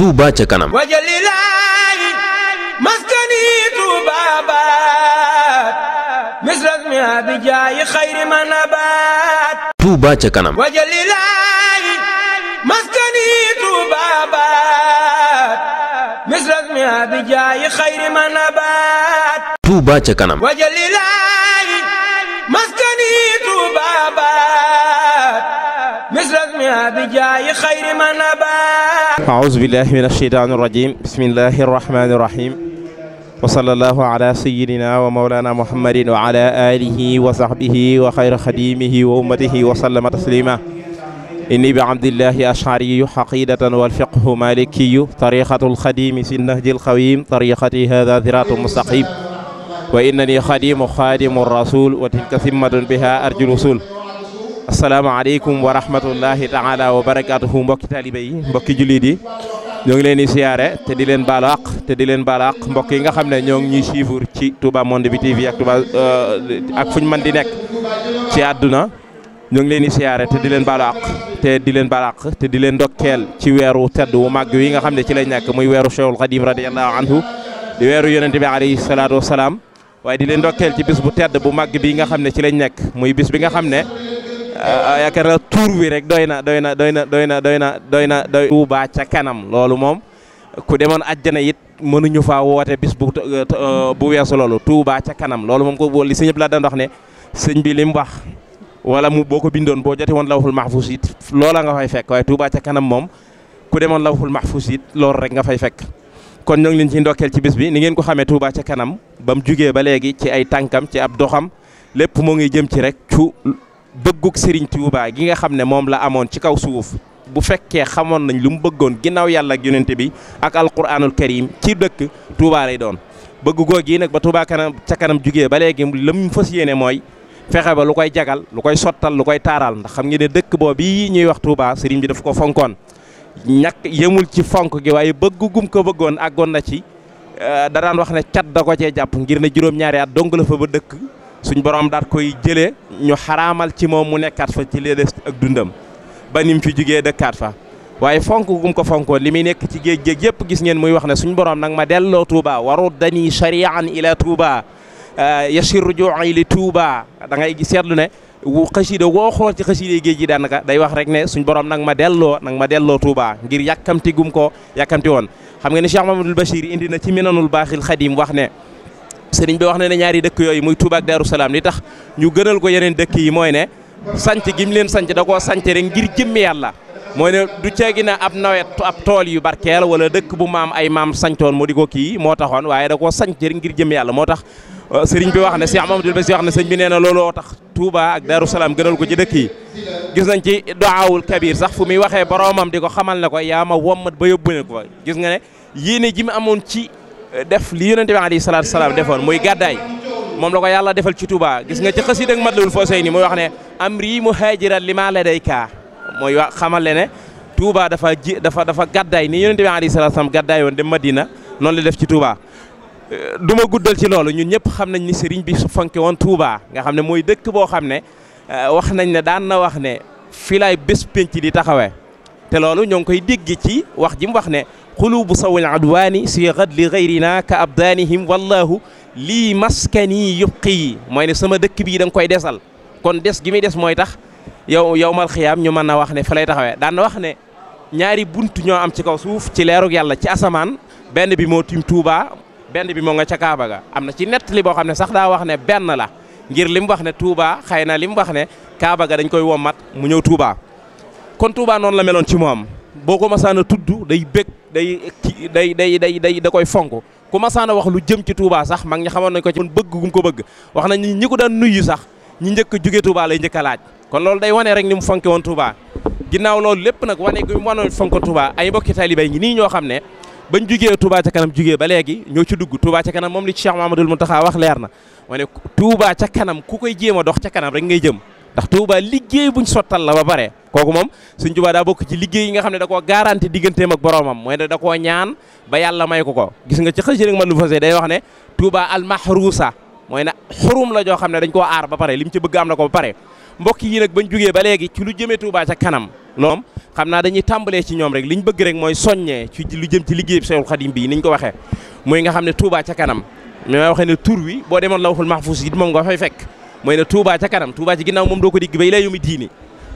Touba ca kanam wajalilaay maskani Touba baat misras mi abijaayi xayri manabaat Touba ca kanam wajalilaay maskani Touba baat misras mi abijaayi xayri manabaat Touba ca kanam wajalilaay maskani Touba baat ahousubillahi min asheytaani irajim bismillahi irrahmani irrahim wa sallallahu ala sayidina wa maulana muhammadin wa ala alihi wa sahbihi wa xayra xadimihi wa ummatihi wa sallama taslima inni bi abdillahi ashariyu xaqidatan walfiqhu malikiyu tariqatu lxadimi si nahji lxawim tariqati hada siratu mustaqim wa innani xadimu xadimu rasul wa tilka simmatun biha arju lusul asalaamaaleykum wa rahmatullahi taala wa barakaatuhu mbokki taalibe yi mbokki jullit yi ñoo ngi leen di siyaare te di leen baalu te di leen baalu àq yi nga xam ne ñoo ngi ñuy suivre ci Touba Monde bi TV ak Touba euh, ak fu ñu di nekk ci àdduna ñoo ngi leen di siyaare te di leen baalu te di leen baalu te di leen ndokkeel ci weeru tedd wu màgg wi nga xam ne ci lañ nekk muy weeru Cheikhul Khadim radiyallahu anhu di weeru yonente bi alayhi salaatu wasalaam waaye di leen ndokkeel ci bis bu tedd bu màgg bi nga xam ne ci lañ nekk muy bis bi nga xam ne yaakaar naa tuur wi rek doy na doy na doy na doy na doy na doy na doy Touba ca kanam loolu moom ku demoon àjjana it mënuñu faa woote bis bu uh, bu weesu loolu Touba ca kanam loolu moom ko li sëñ bi la daan wax ne sëñ bi li mu wax wala mu boo ko bindoon boo joti woon lawful mahfus it loola nga fay fekk waaye Touba ca kanam moom ku demoon lawful mahfus it loolu rek nga fay fekk kon ñoo ngi leen ci ndokkeel ci bis bi ni ngeen ko xamee Touba ca kanam ba mu jugee ba léegi ci ay tànkam ci ab doxam lépp moo ngi jëm ci rek bëggug Serigne Touba gi nga xam ne moom la amoon ci kaw suuf bu fekkee xamoon nañ lu mu bëggoon ginnaaw yàlla ak yonente bi ak alquranul karim ci dëkk Touba lay doon bëgg googu yi nag ba Touba kanam ca kanam jugee ba léegi la mu fas yéene mooy fexe ba lu koy jagal lu koy sottal lu koy taaral ndax xam nga ne dëkk boo bii ñuy wax Touba Serigne bi daf ko fonkoon ñakk yemul ci fonk gi waaye bëggugum ko bëggoon àggoon na ci euh, da daan wax ne cat da ko cee jàpp ngir ne juróom at dong la fa ba dëkk suñ borom daat koy jëlee. ñu xaraamal ci moom mu nekkaat fa ci li ak dundam ba nim fi jugee dëkkaat fa waaye fonk gum ko fonkoon li muy nekk ci géej géej yëpp gis ngeen muy wax ne suñ borom nag ma delloo Touba warut dani shari'an ila Touba eh, yasir ruju'i li Touba da ngay seetlu ne wu xasida woo xool ci xasida géej gi daanaka day wax rek ne suñ borom nag ma delloo nang ma delloo Touba ngir yàkkamti gum ko yàkkamti woon xam nga ni Cheikh Mamadou Bachir indi na ci minanul baaxil xadim wax ne. sëriñ bi wax na ñaari dëkk yooyu muy Touba ak Darou Salaam tax ñu gënal ko yeneen dëkk yi mooy ne sanc gi mu leen sanc da koo sanc rek ngir jëmmi yàlla mooy ne du ceegi na ab nawet ab tool yu barkeel wala dëkk bu maam ay maam santoon mu di ko kii moo taxoon waaye da koo sanc rek ngir jëmmi yàlla moo tax euh, sëriñ bi wax ne Cheikh Mamadou Bassi wax ne sëñ bi nee na looloo tax Touba ak Darou Salaam gënal ko ci dëkk yi gis nañ ci doaawul kabir sax fu muy waxee boromam di ko xamal ne ko yaa ma wommat ba yóbbu ne ko gis nga ne yéene ji amoon ci def li yonente bi alayhi salaatu salaam defoon muy gàddaay moom la ko yàlla defal ci Touba gis nga ci xasida ak Matlabul Fawzayni muy wax ne amri muhaajiran limaa kaa mooy wax xamal le ne Touba dafa ji dafa dafa gàddaay ni yonente bi alayhi salaatu salaam gàddaay woon dem Madina noonu la def ci Touba. du ma guddal ci loolu ñun ñëpp xam nañ ni sëriñ bi fonke woon Touba nga xam ne mooy dëkk boo xam ne wax nañ ne daan na wax ne fii laay bés penc di taxawee te loolu ci wax ji mu wax ne xulubu sawil adwaani siixat li gayrina ka abdaanihim wallahu lii maskani yubqi mooy ne sama dëkk bii da koy desal kon des gi muy des mooy tax yow yow mal xiyaam ñu mën na wax ne fa lay taxawee daan na wax ne ñaari bunt ñoo am ci kaw suuf ci leerug yàlla ci asamaan benn bi moo tim Touba benn bi moo nga ca Kaaba ga am na ci nettali boo xam ne sax daa wax ne benn la ngir li mu wax ne Touba xëy na li mu wax ne Kaaba ga dañ koy wommat mu ñëw Touba kon Touba noonu la meloon ci moom. boo ko masaana tudd day bég day day day day day da koy fonk ku masaana wax lu jëm ci Touba sax mag ñi xamoon nañ ko ci kon bëgg gum ko bëgg wax nañ ñi ko daan nuyu sax ñi njëkk a jóge Touba lay njëkk a laaj kon loolu day wane rek ni mu fonke woon Touba ginnaaw lool lépp nag wane gi mu wane fonk Touba ay mbokki taalibe yi nii ñoo xam ne bañ jugee Touba ca kanam jugee ba léegi ñoo ci dugg Touba ca kanam moom li Cheikh Mamadou Mountakha wax leer na wane Touba ca kanam ku koy jéem a dox ca kanam rek ngay jëm ndax Touba liggéey buñ sottal la ba pare kooku moom Sëñ Tuubaa daa bokk ci liggéey yi nga xam ne da koo garanti digganteem ak boromam mooy ne da koo ñaan ba yàlla may ko ko gis nga ci xëy rek man lu fasee day wax ne Touba almahrusa mooy na xurum la joo xam ne dañ koo aar ba pare li mu ci bëgg am na ko ba pare mbokk yi nag bañ ba léegi ci lu jëmee Touba ca kanam loom xam naa dañuy tàmbalee ci ñoom rek liñ bëgg rek mooy soññee ci lu jëm ci liggéey Seexul Xadim bi niñ ko waxee mooy nga xam ne Touba ca kanam mais may waxee ne tur wi boo demoon lawhul mahfuz it moom nga fay fekk mooy ne Touba ca kanam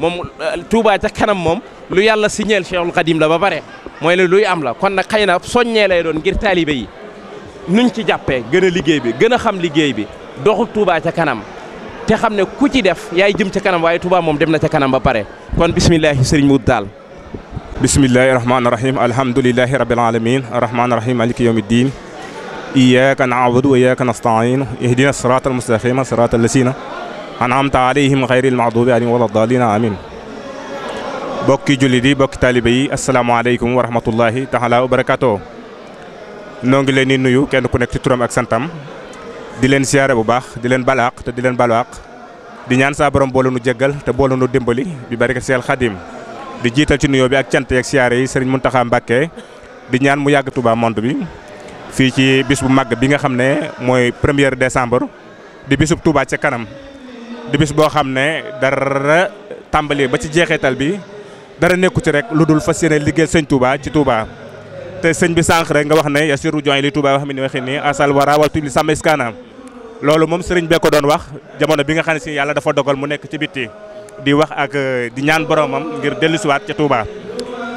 moom euh, Touba ca kanam moom lu yàlla signeel Cheikhul Khadim la ba pare mooy la luy am la kon na xëy na soññee lay doon ngir taalibe yi nuñ ci jàppee gën a liggéey bi gën a xam liggéey bi doxu Touba ca kanam te xam ne ku ci def yaay jëm ca kanam waaye Touba moom dem na ca kanam ba pare kon bisimilah sëriñ Mout Tall. bisimilahi rahmaani rahiim alhamdulilahi rabil aalamiin rahmaani rahiim maliki yawmi diin. iyyaka na'budu wa iyyaka nasta'iin ihdina siraatal mustaqiima siraatal an'amta alayhim ghayril maghdubi alayhim wala daalliin amin bokki jullit yi bokki taalibe yi asalaamaaleykum wa rahmatullahi taala wa barakaatoo noo ngi leen di nuyu kenn ku nekk ci turam ak santam di leen siyaare bu baax di leen balaaq te di leen baluwaaq di ñaan saa borom boole nu jéggal te boole nu dimbali bi barke seel di jiital ci nuyoo bi ak cant yeeg siyaare yi sëriñ Muntaxa Mbàkke di ñaan mu yàgg Touba mont bi fii ci bis bu màgg bi nga xam ne mooy premier décembre di bisub Touba kanam di bis boo xam ne dara tàmbali ba ci jeexeetal bi dara nekku ci rek lu dul fas yéene liggéey sëñ Touba ci Touba te sëñ bi sànq rek nga wax ne yasiru join li Touba wax mi ni waxee nii asal wara wal tubli sàmm iskaana loolu moom sëriñ bee ko doon wax jamono bi nga xam ne si yàlla dafa dogal mu nekk ci bitti di wax ak euh, di ñaan boromam ngir dellusiwaat ca Touba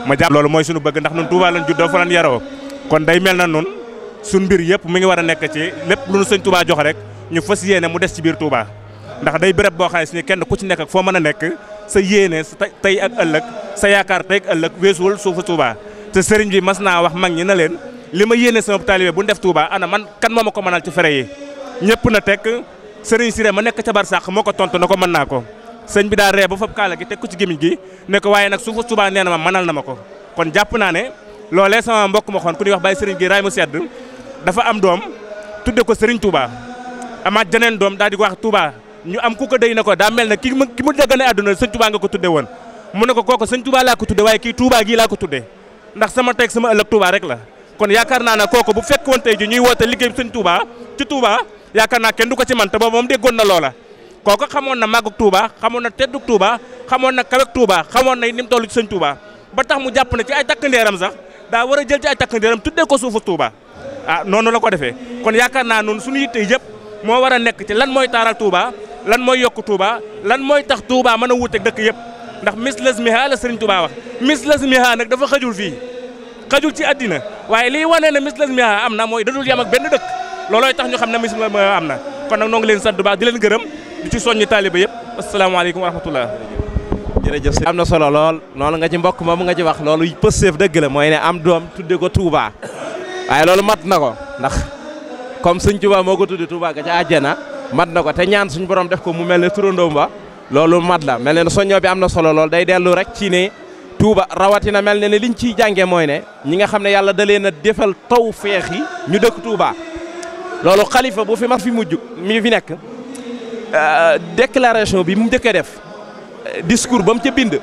ma jàpp loolu mooy sunu bëgg ndax nun Touba lañ juddoo fa lañ yaroo kon day mel na nun suñ mbir yëpp mi ngi war a nekk ci lépp lu nu sëñ rek ñu fas yéene mu des ci biir ndax day béréb boo xam ne kenn ku ci nekk foo mën a nekk sa yéene tey ak ëllëg sa yaakaar tey ak ëllëg weesuwul suufu Touba te sëriñ bi mas naa wax mag ñi na leen li ma yéene sama taalibe bu def Touba ana man kan moo ma ko mënal ci fere yi ñëpp na tekk sëriñ Siré ma nekk ca barsàq moo ko tontu na ko mën naa ko sëñ bi daa ree ba fab kaala gi te ko ci gémmiñ gi ne waaye nag suufu Touba nee na ma mënal na ma ko kon jàpp naa ne loolee sama mbokk ma xoon ku ñuy wax bàyyi sëriñ gi raay mu sedd dafa am doom tudde ko sëriñ Touba amaat jeneen doom daal di ko wax ñu am ku dey na ko daa mel ne ki mu ki mu gën a àdduna sëñ Touba nga ko tudde woon mu ne ko kooku sëñ Touba laa ko tudde waaye kii Touba gii laa ko tudde ndax sama teg sama ëllëg Touba rek la kon yaakaar naa ne kooku bu fekk woon tey ji ñuy woote liggéey sëñ Touba ci Touba yaakaar naa kenn du ko ci man te boobu moom déggoon na loola kooku xamoon na màggug Touba xamoon na teddug Touba xamoon na kawek Touba xamoon na ni mu toll ci sëñ ba tax mu jàpp ne ci ay takkandeeram sax daa war a jël ci ay takkandeeram tuddee ko suufu Touba ah noonu la ko defee kon yaakaar naa noonu suñu yitte yëpp moo war a nekk ci lan mooy taaral Touba lan mooy yokk Touba lan mooy tax Touba mën a wuuteeg dëkk yëpp ndax mislasmiha la Sëriñ Touba wax mislasmiha nag dafa xajul fii xajul ci addina waaye liy wane ne mislasmiha am na mooy dadul yam ak benn dëkk loolooy tax ñu xam ne mislasmiha am na kon nag noo ngi leen sant bu baax di leen gërëm di ci soññi taaliba yëpp asalaamaaleykum wa rahmatullah jërëjëf am na solo lool loolu nga ci mbokk mu nga ci wax loolu pësteef dëgg la mooy ne am doom tudde ko Touba waaye loolu mat na ko ndax comme sëñ Tuubaa moo ko tuddi Tuubaa ga ca àjjana mat na ko te ñaan suñ borom def ko mu mel ne turandoom ba loolu mat la mel ne soññoo bi am na solo lool day dellu rek ci ne tuuba rawatina mel ne ne liñ ciy jàngee mooy ne ñi nga xam ne yàlla da leen a defal taw feex yi ñu dëkk Touba loolu xalifa bu fi mas fi mujj mi fi nekk euh, déclaration bi mu njëkkee def euh, diskuur ba mu ca bind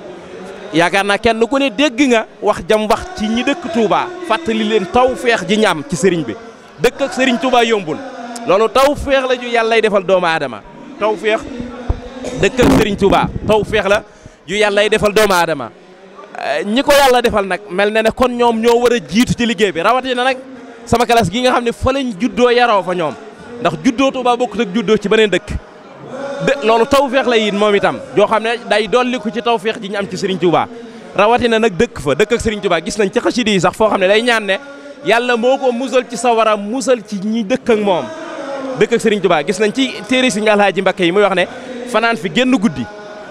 yaakaar naa kenn ku ne dégg nga wax jam wax ci ñi dëkk Touba fàttali leen taw feex ji ñaam ci sëriñ bi dëkk ak Serigne Touba yombul loolu taw feex la ju yàllay defal doomu aadama taw feex dëkk ak Serigne Touba taw feex la ju yàllay defal doomu aadama eh, ñi ko yàlla defal nag mel na ne kon ñoom ñoo war a jiitu ci liggéey bi rawatina nag sama classe gi nga xam ne fa lañ juddoo yaroo fa ñoom ndax juddoo Touba bokkut ak juddoo ci beneen dëkk de loolu taw feex la yit moom itam joo xam ne day dolliku ci taw feex ji ñu am ci Serigne Touba rawatina nag dëkk fa dëkk ak Serigne Touba gis nañ ci xasida yi sax foo xam ne day ñaan ne yàlla moo ko musal ci sawaraam musal ci ñi dëkk ak moom dëkk ak Serigne Touba gis nañ ci téere Serigne Alhaaji Mbakke yi muy wax ne fanaan fi génn guddi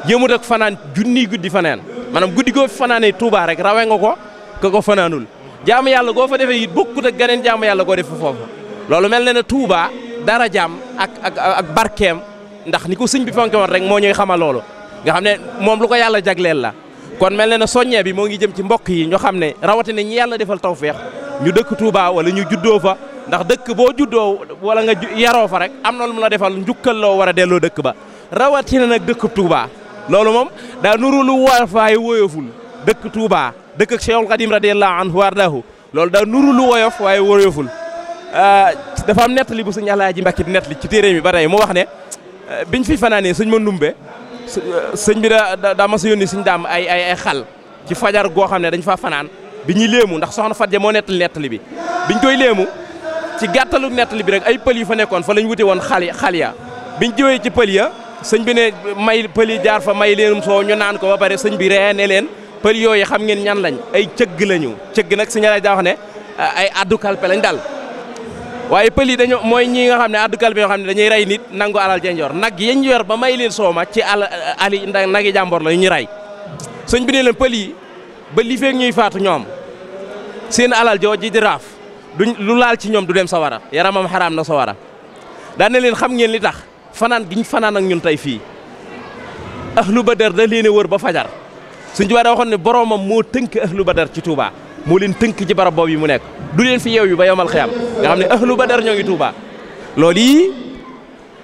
yëmut ak fanaan junniy guddi fanaan maanaam guddi goo fi fanaanee rek rawe nga ko ka ko fanaanul jaamu yàlla goo fa defee it bokkut ak geneen jaamu yàlla goo def foofu loolu mel na ne Touba dara jaam ak ak ak barkeem ndax ni ko sëñ bi fonke woon rek moo ñuy xamal loolu nga xam ne moom lu ko yàlla jagleel la kon mel na ne soññee bi moo ngi jëm ci mbokk yi ñoo xam ne rawatina ñi yàlla defal taw tawféex ñu dëkk Touba wala ñu juddoo fa ndax dëkk boo juddoo wala nga yaroo fa rek am na lu mu la defal njukkal loo war a delloo dëkk ba rawatina nag dëkk Touba loolu moom daa nuru lu woyofaay woyoful dëkk Touba dëkk ak Cheikhul Khadim radiyallahu anhu wardahu loolu daa nuru lu woyof waaye woyoful euh, dafa am nettali bu sëñ Alaaji Mbàkke di nettali ci téere mi ba yi moo wax ne euh, biñ fi fanaanee sëñ ma ndumbe Eh, sëñ bi da daa mas a yónni suñu daam ay ay ay xal ci fajar goo xam ne dañ faa fanaan bi ñuy léemu ndax soxna Fatou moo nettali nettali bi biñ koy leemu ci gàttalu nettali bi rek ay pël yu fa nekkoon fa lañ wute woon xal xal ya biñ jiwee ci pël ya sëñ bi ne may pël yi jaar fa may leenum soo ñu naan ko ba pare sëñ bi ree ne leen pël yooyu xam ngeen ñan lañ ay cëgg lañu cëgg nag suñu daa ne ay addu kalpe lañ dal waaye pël yi dañoo mooy ñi nga xam ne addu kalbe yoo xam ne dañuy ray nit nangu alal jenjoor nag yañ yor ba may leen sooma ci al ali nagi jàmboor la ñu rey sëñ bi ne leen pël yi ba li feek ñuy faatu ñoom seen alal jooju di raaf duñ lu laal ci ñoom du dem sawara yaramam xaraam na sawara daan ne leen xam ngeen li tax fanaan giñ fanaan ak ñun tey fii ahlu badar da leen a wër ba fajar suñ jubaa da waxoon ne boromam moo tënk ahlu badar ci tuubaa moo leen tënk ci barab boobu yi mu nekk du leen fi yeew yu ba yomal xiyam nga xam ne ahlu badar ñoo ngi Touba loolu yi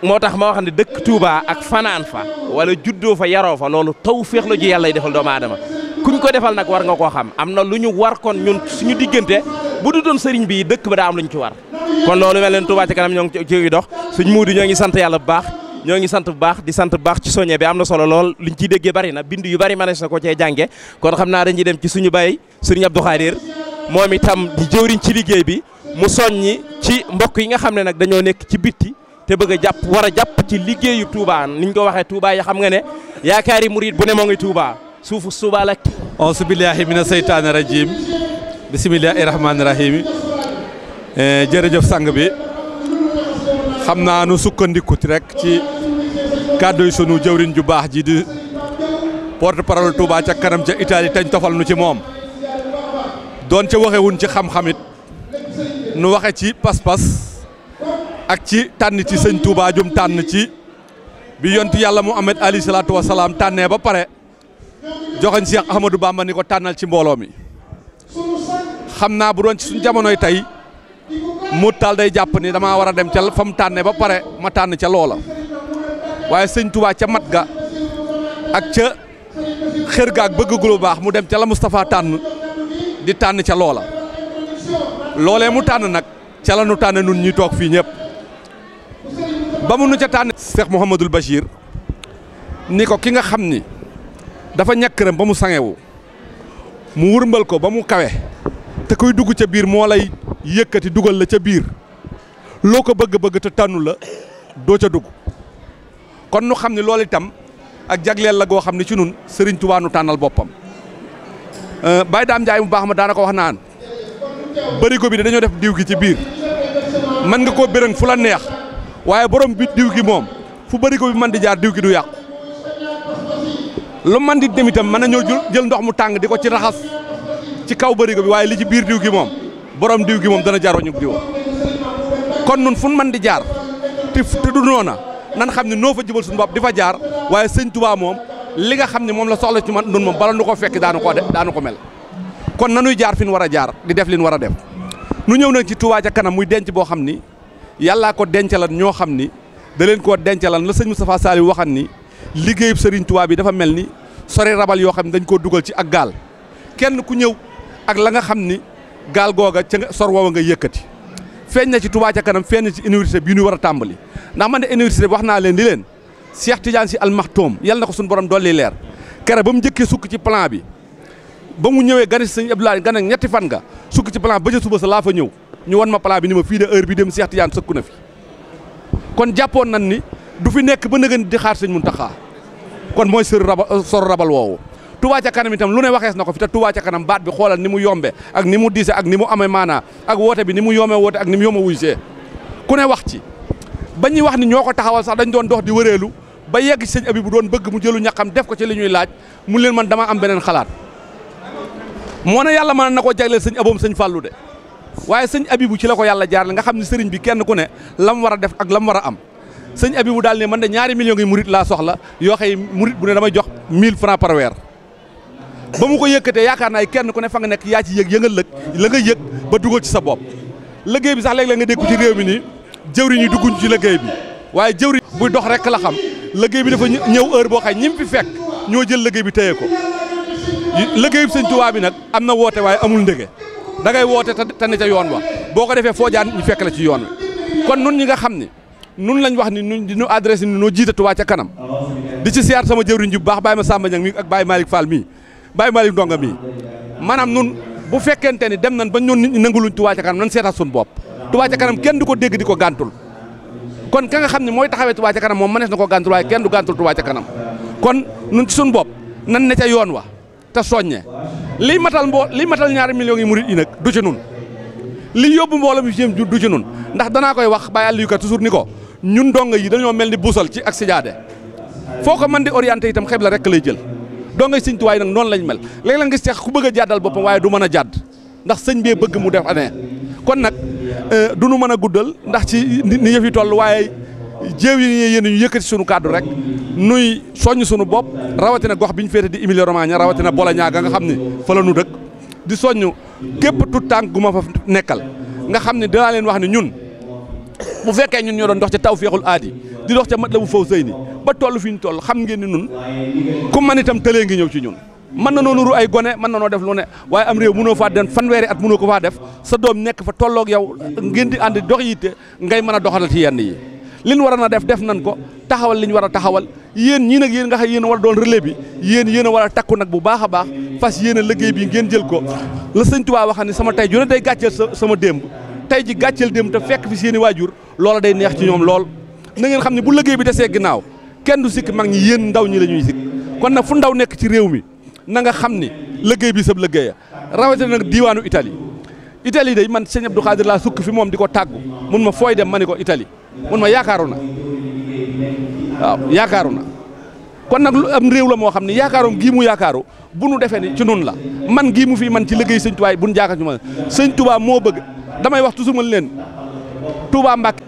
moo tax ma wax ne dëkk tuuba ak fanaan fa wala juddoo fa yaroo fa loolu taw féex la ju yàlla defal doomu aadama kuñ ko defal nag war nga koo xam am na lu ñu war kon ñun suñu diggante bu du doon sëriñ bi dëkk ba daa am lu ñu ci war kon loolu mel leen Touba ci kanam ñoo ngi ci dox suñ muudi ñoo ngi sant yàlla bu baax ñoo ngi sant bu baax di sant bu baax ci soñe bi am na solo lool luñ ciy déggee bari na bind yu bari manees na ko cee jànge kon xam naa dañuy dem ci suñu bay sëriñ Abdou Khadir moom itam di jëwriñ ci liggéey bi mu soññi ci mbokk yi nga xam ne nag dañoo nekk ci bitti te bëgg a jàpp war a jàpp ci liggéeyu Touba ni ñu ko waxee Touba yi xam nga ne yaakaar yi murid bu ne moo ngi Touba suufu Touba la. auzu billaahi mina seytaani rajiim bismillaahi rahmaani rahiim eh, jërëjëf sang bi. xam naa nu sukkandiku rekk ci kàdduy sunu jëwriñ ju baax ji di porte parole ca kanam ca Italie tañ tofal nu ci moom doon ca waxewun ci xam-xamit nu waxe ci pas-pas ak ci tànn ci sëñ Touba jum tànn ci bi yontu yàlla Muhammad alayhi salaatu wa salaam tànnee ba pare joxoñ Cheikh Ahmadou Bamba ni ko tànnal ci mbooloo mi xam naa bu doon ci suñ jamonoy tey Modou Tall day jàpp ni damaa war a dem ca fa mu tànnee ba pare ma tànn ca loola waaye sëñ Touba ca mat ga ak ca xër ga ak bëgg gu baax mu dem ca la Moustapha tànn di tànn ca loola loolee mu tànn nag ca la nu tànn nun ñi toog fii ñëpp ba mu nu ca tànn Cheikh Mouhamadul Bachir ni ko ki nga xam ni dafa ñàkkëram ba mu sangewu mu wurmbal ko ba mu kawe te kuy dugg ca biir moo lay yëkkati dugal la ca biir loo ko bëgg-bëgg te tànnu la doo ca dugg kon nu xam ne loolu itam ak jagleel la goo xam ne ci nun sëriñ Tuubaa nu tànnal boppam euh, Baye Daam Njaay mu baax ma daana ko wax naan barigo bi de dañoo def diw gi ci biir man nga koo bérëng fu la neex waaye borom bi diw gi moom fu barigo bi man di jaar diw gi du yàqu lu man di dem itam mën na ñoo jël ndox mu tàng di ko ci raxas ci kaw barigo bi waaye li ci biir diw gi moom borom diw gi moom dana jaaroo wañu diw kon nun fu man di jaar te te du noona nan xam ne noo fa jëbal suñu bopp di fa jaar waaye sëñ Tuubaa moom li nga xam ne moom la soxla ci man nun moom bala nu ko fekk daanu ko de daanu ko mel kon nanuy jaar fi nu war a jaar di def li war a def nu ñëw nañ ci Tuubaa ca kanam muy denc boo xam ni yàllaa ko dencalan ñoo xam ni da leen koo dencalan la sëñ Moustapha Saliou waxan ni liggéeyub sëriñ Tuubaa bi dafa mel ni sori rabal yoo xam ne dañ koo dugal ci ak gaal kenn ku ñëw ak la nga xam ni gaal googa ca sor woowa nga yëkkati feeñ na ci Touba ca kanam feeñ na ci université bii ñu war a tàmbali ndax man de université bi wax naa leen di leen Cheikh Tidiane Sy Al Maktoum yal na ko suñu borom dolli leer kere ba mu njëkkee sukk ci plan bi ba mu ñëwee gane si sëñ Abdoulaye gane ñetti fan nga sukk ci plan ba ca suba sa laa fa ñëw ñu wan ma plan bi ni ma fii de heure bi dem Cheikh Tidiane sëkku na fi kon jàppoon nan ni du fi nekk ba nëgën di xaar sëñ Mountakha kon mooy sor rabal woowu Touba ca kanam itam lu ne waxees na ko fi te Touba ca kanam baat bi xoolal ni mu yombe ak ni mu diise ak ni mu amee maanaa ak woote bi ni mu yoomee woote ak ni mu yomb a wujjee ku ne wax ci ba ñuy wax ni ñoo ko taxawal sax dañ doon dox di wëreelu ba yegg ci sëñ abi bu doon bëgg mu jëlu ñax ñaqam def ko ci li ñuy laaj mu leen man dama am beneen xalaat moo ne yàlla mën na ko jagleel sëñ aboom sëñ fàllu de waaye sëñ abibu ci la ko yàlla jaarale nga xam ne sëriñ bi kenn ku ne lam war a def ak lam war a am sëñ abibu daal ne man de ñaari millions ngi murit laa soxla yoo xëy murit bu ne damay jox 1000 francs par ba mu ko yëkkatee yaakaar naa kenn ku ne fa nga nekk yaa ci yëg yëngal lëg la nga yëg ba dugal ci sa bopp liggéey bi sax léeg-léeg nga dégg ci réew mi ni jëwriñ yi dugguñ ci liggéey bi waaye jëwriñ bu dox rek la xam liggéey bi dafa ñëw heure boo xam ñi mu fi ñoo jël liggéey bi téye ko liggéey bi sëñ Tuubaa bi nag am na woote waaye amul ndege da ngay woote te ne ca yoon wa boo ko defee foo jaan ñu fekk la ci yoon wi kon nun ñi nga xam ni nun lañ wax ni nun diñu adressé ni noo jiite Tuubaa ca kanam di ci siyaar sama jëwriñ ji bu baax Baye Massamba Niang mi ak Baye Malick Fall mii Baye Malick Ndonga mii maanaam nun bu fekkente ni dem nañ ba ñun nit ñi nanguluñ Touba ca kanam nañ seetaat suñu bopp Touba ca kanam kenn du ko dégg di ko gàntul kon ka nga xam ne mooy taxawee Touba ca kanam moo mënees na ko gàntul waaye kenn du gàntul Touba ca kanam kon nun ci suñu bopp nan ne ca yoon wa te soññe lii matal mboo liy matal ñaari millions yi mu yi nag du ci nun li yóbbu mbooloo mi jëm du ci nun ndax danaa koy wax baa àll yu kat ni ko ñun dong yi dañoo mel ni buusal ci ak foo ko mën di orienté itam xeb la rek lay jël doo ngay sëñ nag noonu lañ mel léeg-léeg nga seex ku bëgg a jàddal boppam waaye du mën a jàdd ndax sëñ bee bëgg mu def année kon nag euh, du nu mën a guddal ndax ci ni yëf yi toll waaye jéew yi yéen ñu yëkkati sunu kàddu rek nuy soññ sunu bopp rawatina gox bi ñu féete di Emilia Romagna rawatina Bologna ga nga xam ne fa la nu dëkk di soññ képp tout tànk gu ma fa nekkal nga xam ne dinaa leen wax ne ñun bu fekkee ñun ñoo doon dox ca tawféexul aadi di dox ca matlabu faw sëy ni ba toll fi ñu toll xam ngeen ni nun ku man itam tëlee ngi ñëw ci ñun mën na noo nuru ay gone mën na noo def lu ne waaye am réew mënoo faa dem fanweeri at mënoo ko faa def sa doom nekk fa tolloog yow ngéen di ànd dox yitte ngay mën a doxalal ti yenn yi li ñu war a def def nañ ko taxawal li ñu war a taxawal yéen ñii nag yéen nga xam yéen a war a doon relais bi yen yéen a war a takku nag bu baax a baax fas yéen a bi ngeen jël ko la sëñ Tuubaa waxam ne sama tey ju ne day gàcceel sama démb tey ji gàcceel dem te fekk fi seen i waajur loola day neex ci ñoom lool nangeen xam ne bu liggéey bi desee ginnaaw kenn du sikk mag ñi yéen ndaw ñi la ñuy sikk kon nag fu ndaw nekk ci réew mi na nga xam ni liggéey bi sab liggéeya rawatina nag diiwaanu Italie Italie dey man sëñ Abdou Khadir laa sukk fi moom di ko tàggu mun ma fooy dem ma ni ko itali mun ma yaakaaru na waaw yaakaaru na kon nag lu am réew la moo xam ne yaakaaroom gii mu yaakaaru bu nu defee ni ci nun la man gii mu fi man ci liggéey sëñ bu nu jaakaar ñu sëñ Tuubaa moo bëgg damay wax toujours mën leen Touba Mbacke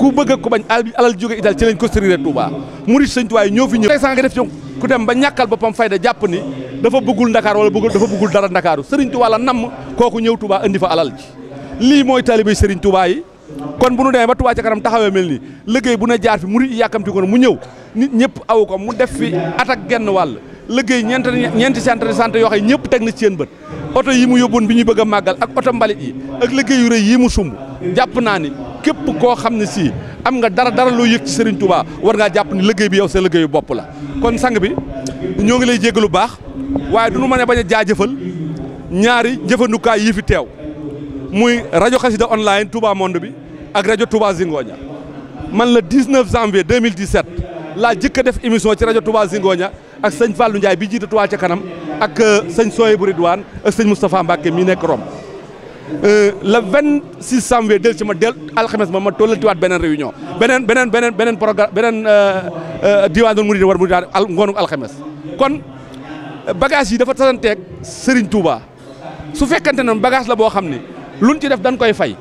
ku bëgg ko ku bañ alal jóge ital ci lañ ko sëriñ Touba murid sëñ Touba yi ñoo fi ñëw. tey sax nga def ku dem ba ñàkkal boppam fayda jàpp ni dafa bëggul Ndakaar wala bëggul dafa bëggul dara Ndakaaru sëriñ Touba la namm kooku ñëw Touba indi fa alal ji lii mooy taalibe sëriñ Touba yi. kon bu nu demee ba Touba ca kanam taxawee mel nii liggéey bu ne jaar fi murid yi yàkkamti ko mu ñëw nit ñëpp aw ko mu def fi at genn wàll liggéey ñeent ñeenti centre de santé yoo xam ne teg na ci seen bët oto yi mu yóbboon bi ñuy bëgg a màggal ak oto mbalit yi ak liggéey yu rëy yi mu sumb jàpp naa ni képp koo xam ne sii am nga dara dara loo yëg ci Serigne Touba war ngaa jàpp ni liggéey bi yow sa liggéeyu bopp la kon sang bi ñoo ngi lay jéggalu baax waaye du ñu mën a bañ a jaajëfal ñaari jëfandukaay yi fi teew muy rajo xasida online Touba Monde bi ak rajo Touba Zingonia man la 19 janvier 2017 laa jëkk a def émission ci rajo Touba Zingoña ak sëñ Fallou Ndiaye bi jiite Touba ca kanam ak euh, sëñ Soye Bouridouane ak sëñ Moustapha Mbacke mi nekk Rome. Euh, le 26 janvier del ci ma del alxames ma ma tollatiwaat beneen réunion beneen beneen beneen beneen programme beneen euh, diwaanul Mouride war Mouride al ngoonu alxemes kon bagage yi dafa tasanteeg sëriñ Touba su fekkante ne bagage la boo xam ne luñ ci def dañ koy fay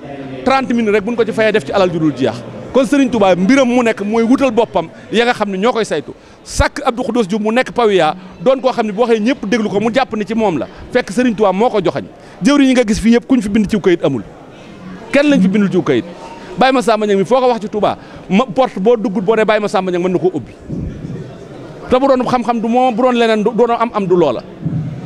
30 minutes rek buñ ko ci fayee def ci alal ju dul jeex. kon Serigne Touba mbiram mu nekk mooy wutal boppam ya nga xam ne ñoo ko saytu sàkk Abdou Khoudous Diop mu nekk Pawiya doon koo xam ne bu waxee ñëpp déglu ko mu jàpp ni ci moom la fekk Serigne Touba moo ko joxañ jëwri yi nga gis fii yëpp kuñ fi bind ciw kayit amul kenn lañ fi bindul ciw kayit Baye Massamba Niang mi foo ko wax ci tubaa ma porte boo duggul boo ne Baye Massamba Niang mën na ko ubbi te bu doon xam-xam du moom bu doon leneen doon am am du loola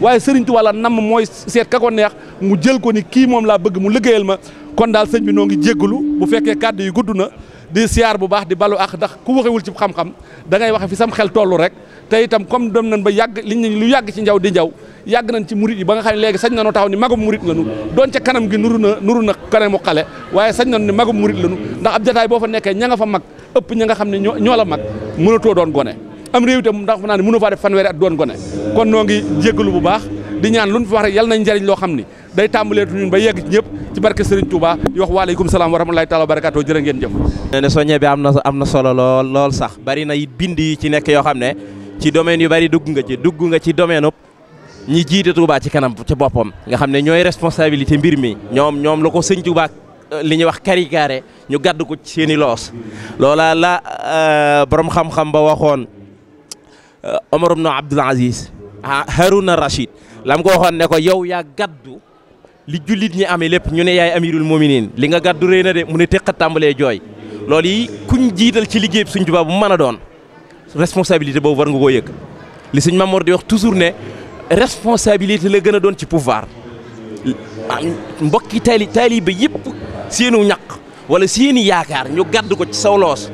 waaye Serigne Touba la namm mooy seet ka ko neex mu jël ko ni kii moom laa bëgg mu liggéeyal ma kon daal sëñ bi noo ngi jéggalu bu fekkee kàddu yi gudd na di siyaar bu baax di balu ak ndax ku waxewul ci xam-xam da ngay waxe fi sam xel tollu rek te itam comme dem nañ ba yàgg liñ lu yàgg ci njaw di njaw yàgg nañ ci murit yi ba nga xam ne léegi sañ nañoo taxaw ni magum murit lañu doon ca kanam gi nuru na nuru na kanamu xale waaye sañ nañu ni magum murit lañu ndax ab jataay boo fa nekkee ña nga fa mag ëpp ña nga xam ne ñoo ñoo la mag mënatoo doon gone am réew tam ndax fa naa ne mënoo faa def fanweeri at doon gone kon noo ngi bu baax di ñaan lu ñu fi wax rek yal nañ njëriñ loo xam ni day tàmbaleetu ñun ba yegg ci ñëpp ci barke Serigne Touba di wax waaleykum salaam wa rahmatulahi taala wa barakatu jërë ngeen jëf nee na soññe bi am na am na solo lool lool sax bari na bind yi ci nekk yoo xam ne ci domaine yu bari dugg nga ci dugg nga ci domaine ëpp ñi jiite Touba ci kanam ci boppam nga xam ne ñooy responsabilité mbir mi ñoom ñoom la ko sëñ Touba euh, li ñuy wax karikaare ñu gàdd ko ci seen loos loola la euh, borom xam ba waxoon euh, Omar ibn Abdul Aziz ah, Haruna Rachid lam ko waxoon ne ko yow yaa gàddu li jullit ñi amee lépp ñu ne yaay amirul muminin li nga gàddu réy na de mu ne téq a tàmbalee jooy loolu yi kuñ jiital ci liggéey bi suñ tubaab bu mën a doon responsabilité boobu war nga koo yëg li suñ Mamoor di wax toujours ne responsabilité la gën a doon ci pouvoir ah, mbokki taali taaliba yëpp seenu ñaq wala seeni yaakaar ñu gàdd ko ci sawloos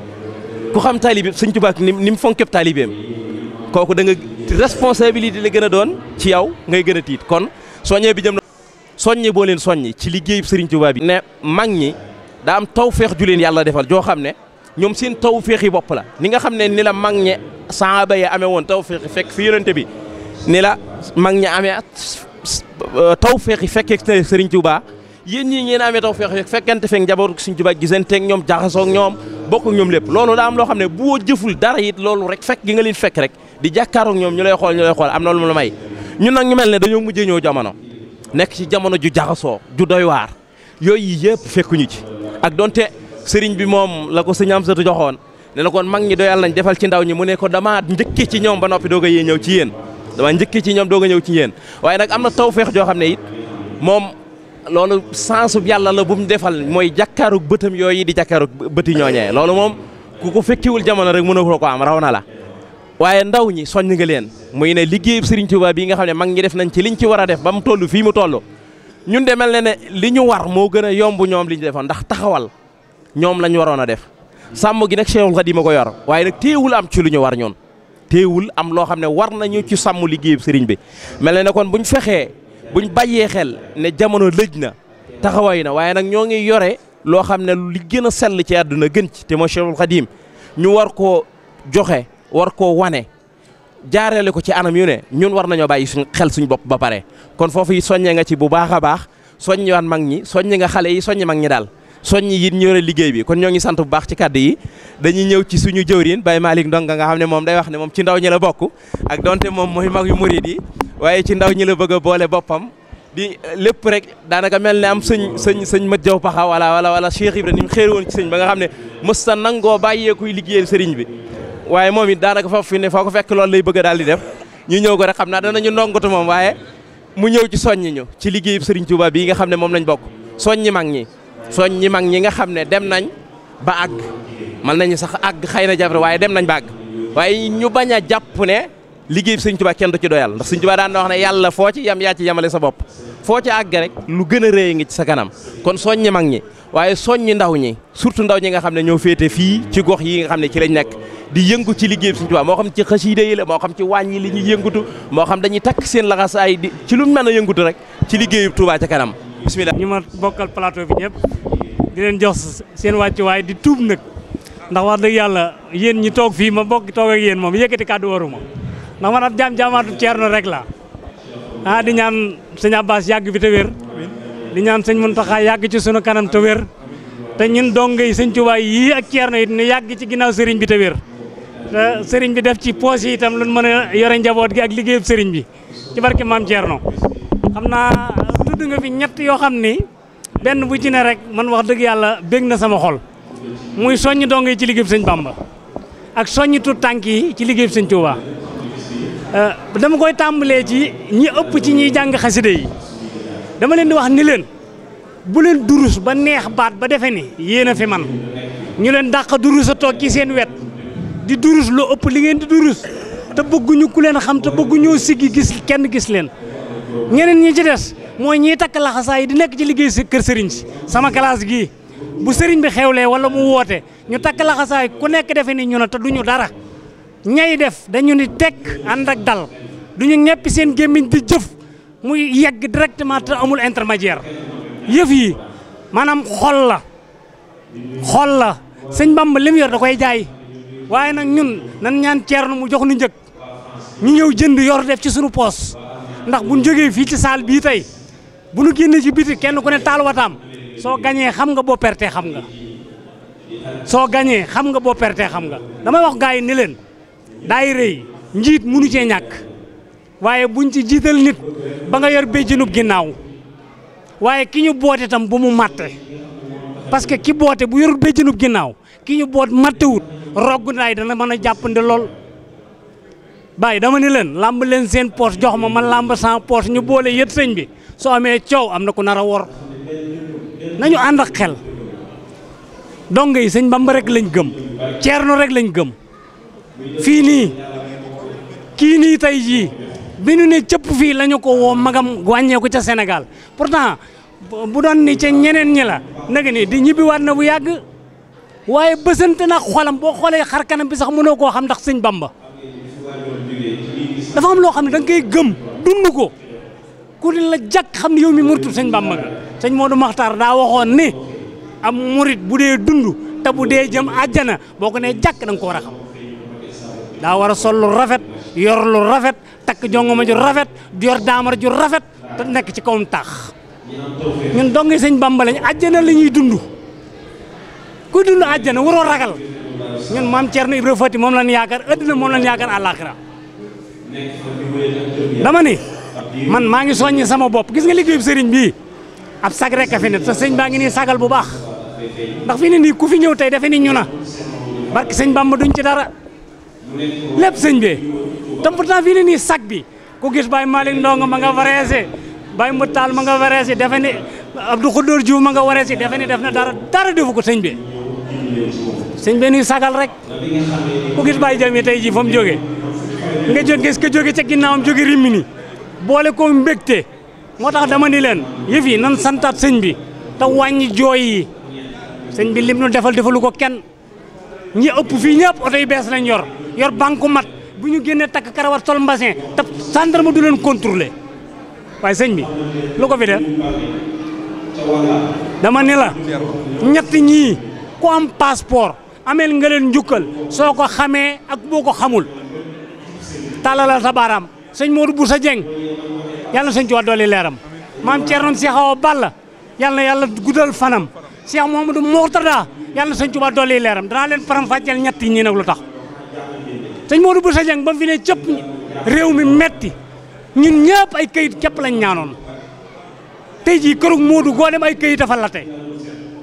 ku xam taalibe suñ tubaab ni ni mu fonkeeb taalibeem kooku da nga responsabilité la gën a doon ci yow ngay gën a tiit kon soññee bi jëm na soññe boo leen soññi ci liggéeyub Sëriñ Tuubaa bi ne mag ñi daa am tawfeex ju leen yàlla defal joo xam ne ñoom seen tawfeex yi bopp la ni nga xam ne ni la mag ñi saaba ya amee woon tawfeex yi fekk fi yonente bi ni la mag ñi amee tawfeex yi fekkee Sëriñ Tuubaa yéen ñii ngeen amee tawfeex yi fekkente fekk njabootu Sëriñ Tuubaa gisanteeg ñoom jaxasoog ñoom bokk ñoom lépp loolu daa loo xam ne boo jëful dara it loolu rek fekk di jàkkaaroog ñoom ñu lay xool ñu lay xool am na lu mu la may ñun nag ñu mel ne dañoo mujjee ñëw jamono nekk ci jamono ju jaxasoo ju doy waar yooyu yëpp fekkuñu ci ak donte sëriñ bi moom la ko sëñ Amsatu joxoon ne na kon mag ñi doyal nañ defal ci ndaw ñi mu ne ko damaa ci ñoom ba noppi doog a ñëw ci yéen damaa njëkkee ci ñoom doo a ñëw ci yéen waaye nag am na tawfeex joo xam ne moom loolu sensu yàlla la bu mu defal mooy jàkkaarug bëtam yooyu di jàkkaarug bëti ñooñee loolu moom ku ko fekkiwul jamono rek mënoo ko am raw na la waaye ndaw ñi soññ nga leen mu muy ne liggéeyub Serigne Touba bii nga xam ne mag ñi def nañ ci liñ ci war a def ba mu toll fii mu toll ñun de mel na ne li ñu war moo gën a yomb ñoom li ñu defoon ndax taxawal ñoom la ñu waroon a def sàmm gi nag Cheikhul Khadim a ko yor waaye nag téewul am ci lu ñu war ñun téewul am loo xam ne war nañu ci sàmm liggéeyub Serigne bi mel na ne kon buñ fexee buñ bàyyee xel ne jamono lëj na taxaway na waaye nag ñoo ngi yore loo xam ne li gën a sell ci àdduna gën ci te mooy Cheikhul Khadim ñu war koo joxe war koo wane jaareele ko ci anam yu ne ñun war nañoo bàyyi suñ xel suñu bopp ba pare kon foofu yi soññee nga ci bu baax a baax soññiwaan mag ñi soññi nga xale yi soññ mag ñi daal soññi yi ñu yore liggéey bi kon ñoo ngi sant bu baax ci kàddu yi dañuy ñëw ci suñu jëwriin Baye Malick Ndonga nga xam ne moom day wax ne moom ci ndaw ñi la bokk ak donte moom mooy mag yu murid yi waaye ci ndaw ñi la bëgg a boole boppam di lépp rek daanaka mel ne am sëñ sëñ sëñ mat jaw paxa wala wala wala Cheikh Ibra ni mu xéer woon ci sëñ ba nga xam ne mës ta nangoo bàyyeekuy liggéeyal sëriñ bi waaye moom it daanaka foofu fi ne foo ko fekk loolu lay bëgg daal di def ñu ñëw ko rek xam naa danañu ndongatu moom waaye mu ñëw ci soññi ñu ci liggéeyub Serigne Touba bii nga xam ne moom lañ bokk soññi mag ñi soññi mag ñi nga xam ne dem nañ ba àgg mën nañu sax àgg xëy na jafe waaye dem nañ ba àgg waaye ñu bañ a jàpp ne liggéeyub Serigne Touba kenn du ci doyal ndax Serigne Touba daan na wax ne yàlla foo ci yam yaa ci yamale sa bopp foo ci àgg rek lu gën a rëy ngi ci sa kanam kon soññi mag ñi waaye sooñ soññi ndaw ñi surtout ndaw ñi nga xam ne ñoo féete fii ci gox yi nga xam ne ci lañ nekk di yëngu ci liggéey bi Sëñ Tuubaa moo xam ci xasiida yi le moo xam ci waañ yi li ñuy yëngutu moo xam dañuy takk seen laxasaay di ci lu mën a yëngutu rek ci liggéeyu Tuubaa ca kanam bismillah ñu ma bokkal plateau bi ñëpp di leen jox seen wàccuwaay di tuub nag ndax wax dëgg yàlla yéen ñi toog fii ma bokk toog ak yéen moom yëkkati kàddu waruma ndax man ab jaam jaamaatu ceerno rek la ah di ñaan sëñ Abbas yàgg bi li di ñaan sëñ Muntaxa yàgg ci sunu kanam te wér te ñun dongo yi sëñ yii ak ceerno yi ñu yàgg ci ginnaaw sëriñ bi te wér te sëriñ bi def ci poos yi itam lu mën a yore njaboot gi ak liggéeyub sëriñ bi ci barke maam Ceerno xam naa tudd nga fi ñett yoo xam ni benn bu ci ne rek man wax dëgg yàlla bég na sama xol muy soññ dong ci liggéeyub sëñ Bamba ak soññ tut tànk yi ci liggéeyub sëñ Tuubaa eh, dama koy tàmbalee ci ñi ëpp ci ñiy jàng xaside yi dama leen di wax ni leen bu leen durus ba neex baat ba defe ni yéen a fi man ñu leen dàq durus a toog ci seen wet di durus loo ëpp li ngeen di durus te bëgguñu ku leen xam te bëgguñoo siggi gis kenn gis leen ñeneen ñi ci des mooy ñiy takk laxasaa yi di nekk ci liggéey si kër sëriñ sama classe gii bu sëriñ bi xew lee wala mu woote ñu takk laxasaay ku nekk defe ni ñu ne te duñu dara ñay def dañu ni tekk ànd ak dal duñu ñeppi seen gémmiñ di jëf muy yegg directement te amul intermédiaire yëf yi maanaam xol la xol la sëñ Bamba li yor da koy jaay waaye nag ñun nan ñaan ceerno mu jox nu njëg ñu ñëw jënd yor def ci suñu poos ndax bu jógee fii ci saal bii tey bu ñu génnee ci biti kenn ku ne taal wataam soo gañee xam nga boo pertee xam nga soo gañee xam nga boo pertee xam nga damay wax gars yi leen daay rëy njiit munu cee ñàkk waaye buñ ci jiital nit ba nga yor béjjinub ginnaaw waaye ki ñu boote tam bu mu matte parce que ki boote bu yor béjjinub ginnaaw ki ñu boot mattewut rogg naay dana mën a jàppandi lool bàyyi dama ni leen làmb leen seen poche jox ma man làmb sans poche ñu boole yët sëñ bi soo amee coow am na ku nar a wor nañu ànd ak xel dong yi Bamba rek lañ gëm ceerno rek lañ gëm fii nii kii nii tey jii bi ñu ne cëpp fii lañu ko woo magam wàññeeku ca Sénégal pourtant bu doon ni ca ñeneen ñi la nag ni di ñibbiwaat na bu yàgg waaye bësante na xolam boo xoolee xar kanam bi sax mënoo koo xam ndax sëñ Bamba dafa am loo xam ne da koy gëm dund ko ku ne la jàkk xam ne yow mi muritu sëñ Bamba nga sëñ Modou Maxtaar daa waxoon ni am murit bu dee dund te bu dee jëm àjjana boo ko nee jàkk da ko war a xam daa war a sol lu rafet yor lu rafet takk jongoma ju rafet di yor daamar ju rafet te nekk ci kawam tax ñun dongi sëñ Bamba lañ àjjana la ñuy dund kuy dund àjjana waroo ragal ñun maam Thierno Ibra Fati moom lañ yaakaar addina moom lañ yaakaar àllaaxira dama ni man maa ngi soññi sama bopp gis nga liggéeyu sëriñ bii ab sag rek a fi ne te sëñ baa ngi nii sagal bu baax ndax fi ne nii ku fi ñëw tey defe ni ñu na barke sëñ Bamba duñ ci dara lépp sëñ bee te pourtant fii ne nii sac bi ku gis Baye Malick Ndongo ma nga wareese Baye Moutal ma nga wareese defe ni Abdou Khoudour Diouf ma nga wareese defe ni def na dara dara defu ko sëñ bi sëñ bi nii sagal rek ku gis Baye Jami tey jii fa mu jógee nga jot gis ka jóge ca ginnaawam jóge Rimini boole ko mbégte moo tax dama ni leen yëf nan santaat sëñ bi te wàññi jooy yi sëñ bi lim nu defal defalu ko kenn ñi ëpp fii ñëpp oto yi bees lañ yor yor banku mat bu ñu génnee takk karawat sol mbasin te gendarme du leen contrôler waaye sëñ bi lu ko fi def dama la ñett ñii ku am passeport ameel nga njukkal soo ko xamee ak boo ko xamul tàllalal sa baaraam sëñ Modou Boussa Dieng yàlla na sëñ Tuubaa doole leeram maam Thierno Cheikh Awa Balla yàlla na yàlla guddal fanam Cheikh Mouhamadou Mourtada yàlla na sëñ Tuubaa doole leeram danaa leen faram fàcceel ñett ñii lu tax sëñ Modou Bousso Dieng ba mu fi ne cëpp réew mi metti ñun ñëpp ay kayit képp lañ ñaanoon tey jii kërug Modou goo dem ay kayit dafa late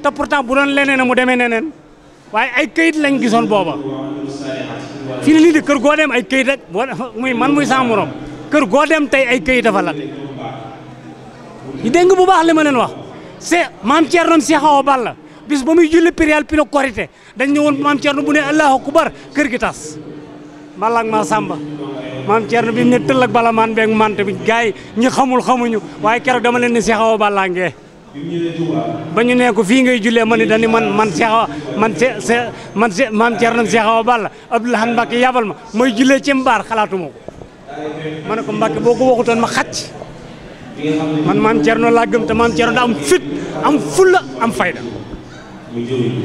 te pourtant bu doon leneen a mu demee neneen waaye ay kayit lañ gisoon booba fii ne lii di kër goo dem ay kayit rek boo muy man muy sa kër goo dem tey ay kayit dafa late yi dégg bu baax li ma leen wax c'est maam Thierno Cheikh Awa Balla bis ba muy julli périal pilo korité dañ ñëwoon maam Thierno bu ne allahu akbar kër gi tas bala ak ma sàmba maam Thierno bi mu ne tëll ak bala maan beeg bi gars yi xamul xamuñu waaye keroog dama leen ne Cheikh Awa Balla ngee ba ñu ne ko fii ngay jullee ma ni dañu man man Cheikh Awa man Cheikh man Cheikh maam Thierno Cheikh Awa Balla Abdoulahan Mbacke yabal ma mooy jullee ci mbaar xalaatuma ko ma ne ko boo ko waxutoon ma xàcc man maam Thierno laa gëm te maam Thierno daa am fit am fulla am fayda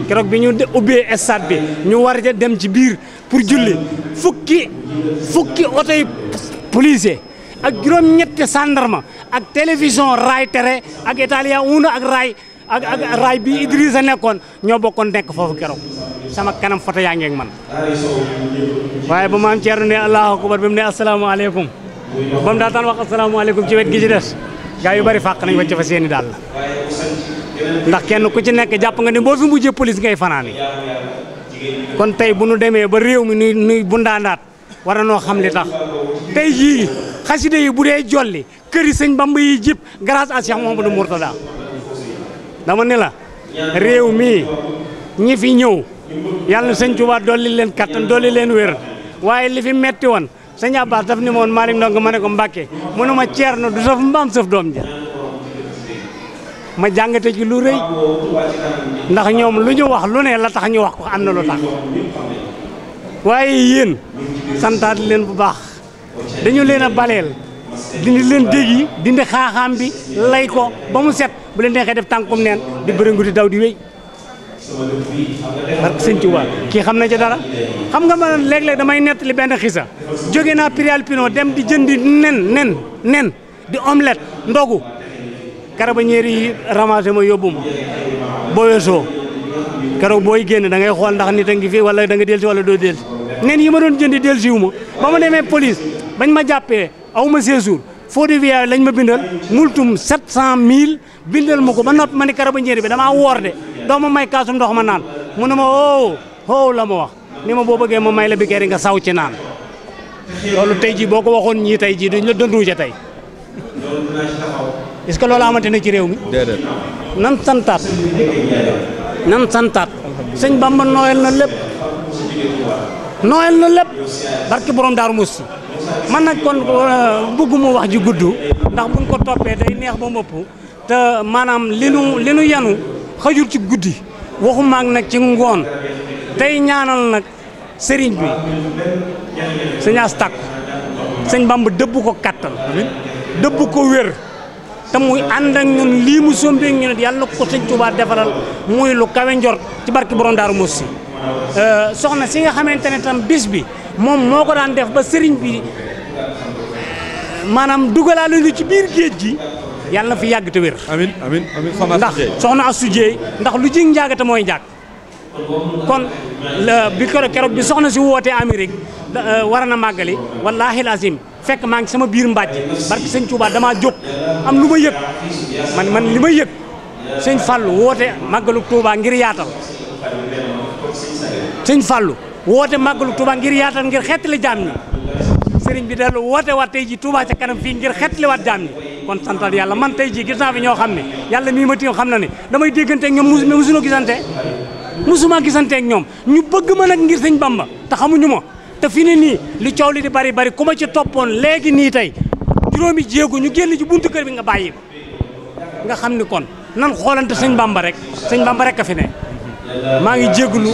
keroog bi ñu ubbee stade bi ñu war a dem ci biir pour julli fukki fukki oto yi policier ak juróom-ñetti gendarme ak télévision raay tere ak Italia Uno ak raay ak ak raay bi Idrissa nekkoon ñoo bokkoon nekk foofu keroog sama kanam photo yaa ngeeg man waaye ba maam Thierno ne allahu akbar bi mu ne asalaamaaleykum ba mu daa taan wax asalaamaaleykum ci wet gi ci des gaa yu bari fàq nañ wacc seeni daal ndax kenn ku ci nekk jàpp nga ne boo fi mujjee police ngay fanaani kon tey bu nu demee ba réew mi nuy nuy bu ndaandaat noo xam li tax tey jii xaside yi bu dee jolli këri sëñ Bamba yi jib grâce à Cheikh Mouhamadou dama ne la réew mii ñi fi ñëw yàlla na sëñ Tuubaa dolli leen kattan dolli leen wér waaye li fi metti woon sëñ Abbas daf ni ma woon Malick Ndong ma ne mu ne ma ceer na du saf mbaam saf doom ja ma jàngate ci lu rëy ndax ñoom lu ñu wax lu ne la tax ñu wax ko am na lu tax waaye yéen santaat leen bu baax dañu leen a baleel dindi leen dég yi dindi xaaxaam bi lay ko ba mu set bu leen neexee def tànkum neen di bëringu di daw di wéy barke sëñ kii xam na ci dara xam nga ma léeg-léeg damay li benn xisa jóge naa Pirel Pino dem di jëndi nen nen nen di omelette ndogu carabinieri yi ramassé ma yóbbu ma boo weesoo keroog booy génn da ngay xool ndax nit a ngi fi wala da nga delsi wala doo delsi neen yi ma doon jëndi delsiwu ma ba ma demee police bañ ma jàppee aw ma séjour faux déviat lañ ma bindal multum 700000 bindal ma ko ba noppi ma ne carabinieri bi damaa woor de doo ma may kaasu ndox ma naan mu ne ma oo oh, oo oh, la ma wax ni ma boo bëggee ma may la bi keri nga saw ci naan loolu tey jii boo ko waxoon ñii tey jii duñ la dënduuje tey est-ce que loolu amante na ci réew mi. déedéet nan santaat nan santaat sëñ Bamba nooyal na lépp nooyal na lépp barki borom Daaru Musti man nag kon euh, bëgguma wax ji gudd ndax buñ ko toppee day neex ba mëpp te maanaam li nu li nu xajul ci guddi waxuma ak nag ci ngoon tey ñaanal nag sëriñ bi sëñ Astak sëñ Bamba dëbb ko kattan dëbb ko wér te muy ànd lii mu sombe ñu ne yàlla ko sëñ Tuubaa defaral muy lu kawe ci barki borom Daaru Musti euh, soxna si nga xamante ne tam bis bi moom moo ko daan def ba sëriñ bi maanaam dugalaale lu ci biir géej gi yàlla na fi yàgg te wér. soxna ndax soxna Astou ndax lu jig njaaga te mooy njaag kon la bi keroog keroog bi soxna si wootee Amérique euh, war na màggali la lazim fekk maa ngi sama biir mbàjj barke sëñ Touba damaa jóg am lu ma yëg man man li ma yëg sëñ Fallou woote màggalu Touba ngir yaatal sëñ Fallou woote màggalu Touba ngir yaatal ngir xettali jaam ñi sëriñ bi dellu woote waat tey ji Touba ca kanam fii ngir xettali waat jaam ñi kon santal yàlla man tey ji gis naa ñoo xam ne yàlla mii ma tiim xam na ne damay déggante ak ñoom musuñoo gisante musumaa gisante ak ñoom ñu bëgg ma nag ngir sëñ Bamba te xamuñu ma te fi ne nii li coow li di bari bari ku ma ci toppoon léegi nii tey juróomi jéego ñu génn ci buntu kër bi nga bàyyi nga xam ni kon nan xoolante sëñ bamba rek sëñ bamba rek a fi ne maa ngi jégalu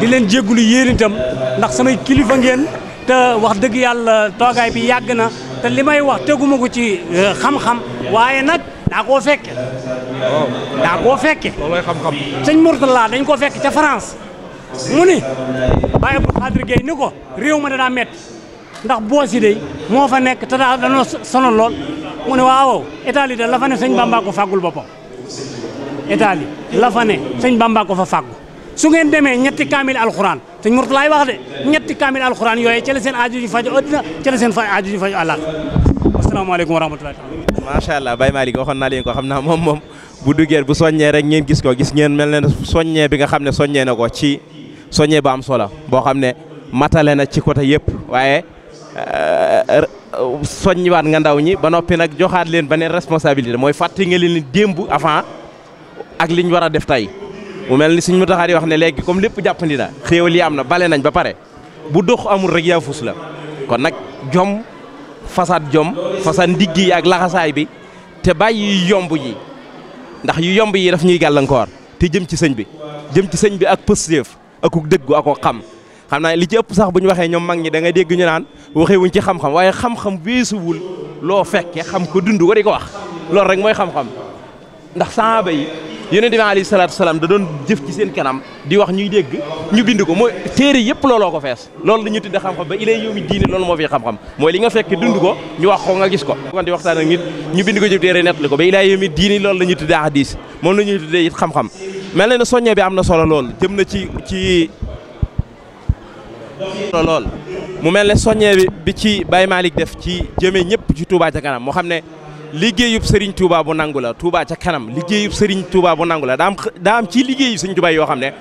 di leen jégalu yéen itam ndax samay kilifa ngeen te wax dëgg yàlla toogaay bi yàgg na te li may wax teguma ko ci euh, xam-xam waaye nag daa koo fekke oh. daa koo fekke loolooy xam-xam dañ ko fekk ca France mu ni Baye Abdou ni ko réew ma danaa metti ndax boos yi day moo fa nekk te daal danoo lool mu ne waaw Italie da la fa ne sëñ Bamba ko fàggul boppam Italie la fa ne sëñ Bamba ko fa fàggu su ngeen demee ñetti kaamil alxuraan sëñ laay wax de ñetti kaamil alxuraan yooyu ci la seen aaju fajo faju addina ci la seen aaju ji faju àllaat asalaamaaleykum wa rahmatulah macha allah Baye Malick waxoon naa leen ko xam na moom moom bu duggee bu soññee rek gis ko gis ngeen mel ne bi nga xam ne soññee na ko ci soññee ba am solo boo xam ne matale na ci côté yëpp waaye euh, soññiwaat nga ndaw ñi ba noppi nag joxaat leen ba beneen responsabilité mooy fàttali nga leen démb avant ak liñ war a def tey mu mel ni suñ mu taxaar yi wax ne léegi comme lépp jàppandi na xéewal yi am na bale nañ ba pare bu dox amul rek yaa fus la kon nag jom fasaat jom fasaat ndigg yi ak laxasaay bi te bàyyi yomb yi ndax yu yomb yi daf ñuy gàllankoor te jëm ci sëñ bi jëm ci sëñ bi ak pësteef akuk dëggu akoo xam xam naa li ci ëpp sax bu ñu waxee ñoom mag ñi da nga dégg ñu naan waxee ci xam-xam waaye xam-xam weesuwul loo fekkee xam ko dund ko di ko wax loolu rek mooy xam-xam ndax saaba yi yonent bi alayhi salaatu salaam da doon jëf ci seen kanam di wax ñuy dégg ñu bind ko mooy téere yëpp looloo ko fees lool la ñu tudde xam-xam ba ilay yawmi diine loolu moo fi xam-xam mooy li nga fekk dund ko ñu wax ko nga gis ko di waxtaan nit ko ci ko ba ilay la ñu tudde hadiis moom la ñuy tudde mel na ne soññe bi am na solo lool jëm na ci ci solo mu mel ne soññe bi bi ci Baye Malick def ci jëmee ñëpp ci Touba ca kanam moo xam ne liggéeyub Serigne Touba bu nangu la Touba ca kanam liggéeyub Serigne Touba bu nangu la daa daa am ci liggéeyu Serigne Touba yoo xam ne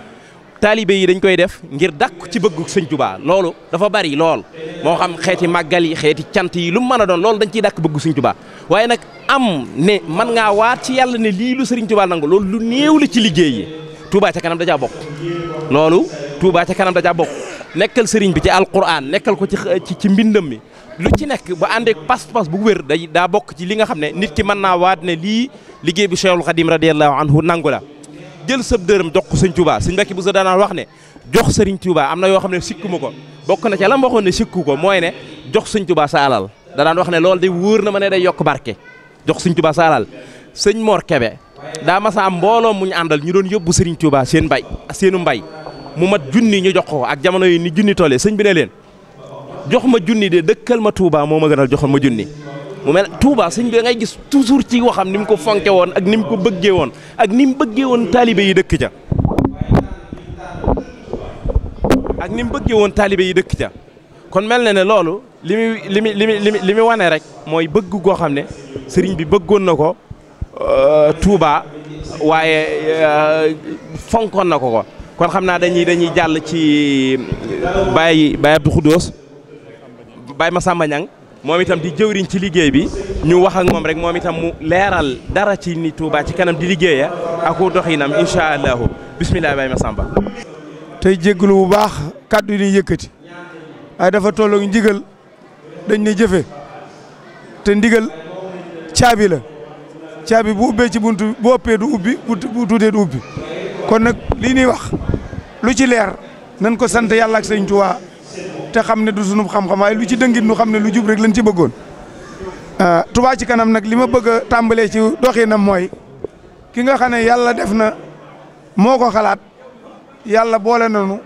taalibe yi dañ koy def ngir dakk ci bëggu sëñ Tuubaa loolu dafa bari lool moo xam xeeti màggal yi xeeti cant yi lu mu mën a doon loolu dañ ciy dàkk bëggu sëñ Tuubaa waaye nag am ne man ngaa waat ci yàlla ne lii lu sëriñ Tuubaa nangu loolu lu néew li ci liggéey yi Tuubaa ca kanam dajaa bokk loolu Tuubaa ca kanam dajaa bokk nekkal sëriñ bi ci alquran nekkal ko ci ci mbindam mi lu ci nekk ba àndee pas-pas bu wér day daa bokk ci li nga xam ne nit ki mën naa waat ne lii liggéey bi Cheikhul Khadim radiyallahu anhu nangu la jël sab dërëm jox ko sëñ Touba sëñ bu sa daanaan wax ne jox sëriñ Touba am na yoo xam ne sikku ma ko bokk na ca la ma waxoon ne sikku ko mooy ne jox sëñ Touba sa alal da wax ne loolu day wóor na ma ne day yokk barke jox sëñ Touba sa alal sëñ Mor Kebe daa masa am mbooloo mu ñu àndal ñu doon yóbbu sëriñ Touba seen mbay seenu mbay mu mat junni ñu jox ko ak jamono yi ni junni tollee sëñ bi ne leen jox ma junni de dëkkal ma Touba moo ma gënal joxal ma junni mu mel Touba sëñ bi da ngay gis toujours ci waxam ni mu ko fonke woon ak ni mu ko bëggee woon ak ni mu bëggee woon taalibe yi dëkk ca ak ni mu bëggee woon taalibe yi dëkk ca kon mel na ne loolu li muy li muy li muy li muy wane rek mooy bëgg goo xam ne sëriñ bi bëggoon na ko euh, Touba waaye euh, fonkoon na ko ko kon xam naa dañuy dañuy jàll ci euh, Baye Baye Abdou Khoudous ma Massamba Niang moom itam di jëwriñ ci liggéey bi ñu wax ak moom rek moom itam mu leeral dara ci ni Touba ci kanam di liggéeya aku doxinam incha allahu bisimilah Baye Massamba tey jégalu bu baax kàddu yi ñuy yëkkati dafa tolloog ndigal dañ ne jëfe te ndigal caabi la caabi bu ubbee ci bunt bu ëppee du ubbi bu tuutee du ubbi kon nag lii ñuy wax lu ci leer nañ ko sant yàllaak ak sëñ te xam ne du sunu xam-xam waaye lu ci dëngit nu xam ne lu jub rek lañ ci bëggoon ah, Touba ci kanam nag li ma bëgg a tàmbalee ci doxinam mooy ki nga xam ne yàlla def na moo ko xalaat yàlla boole nañu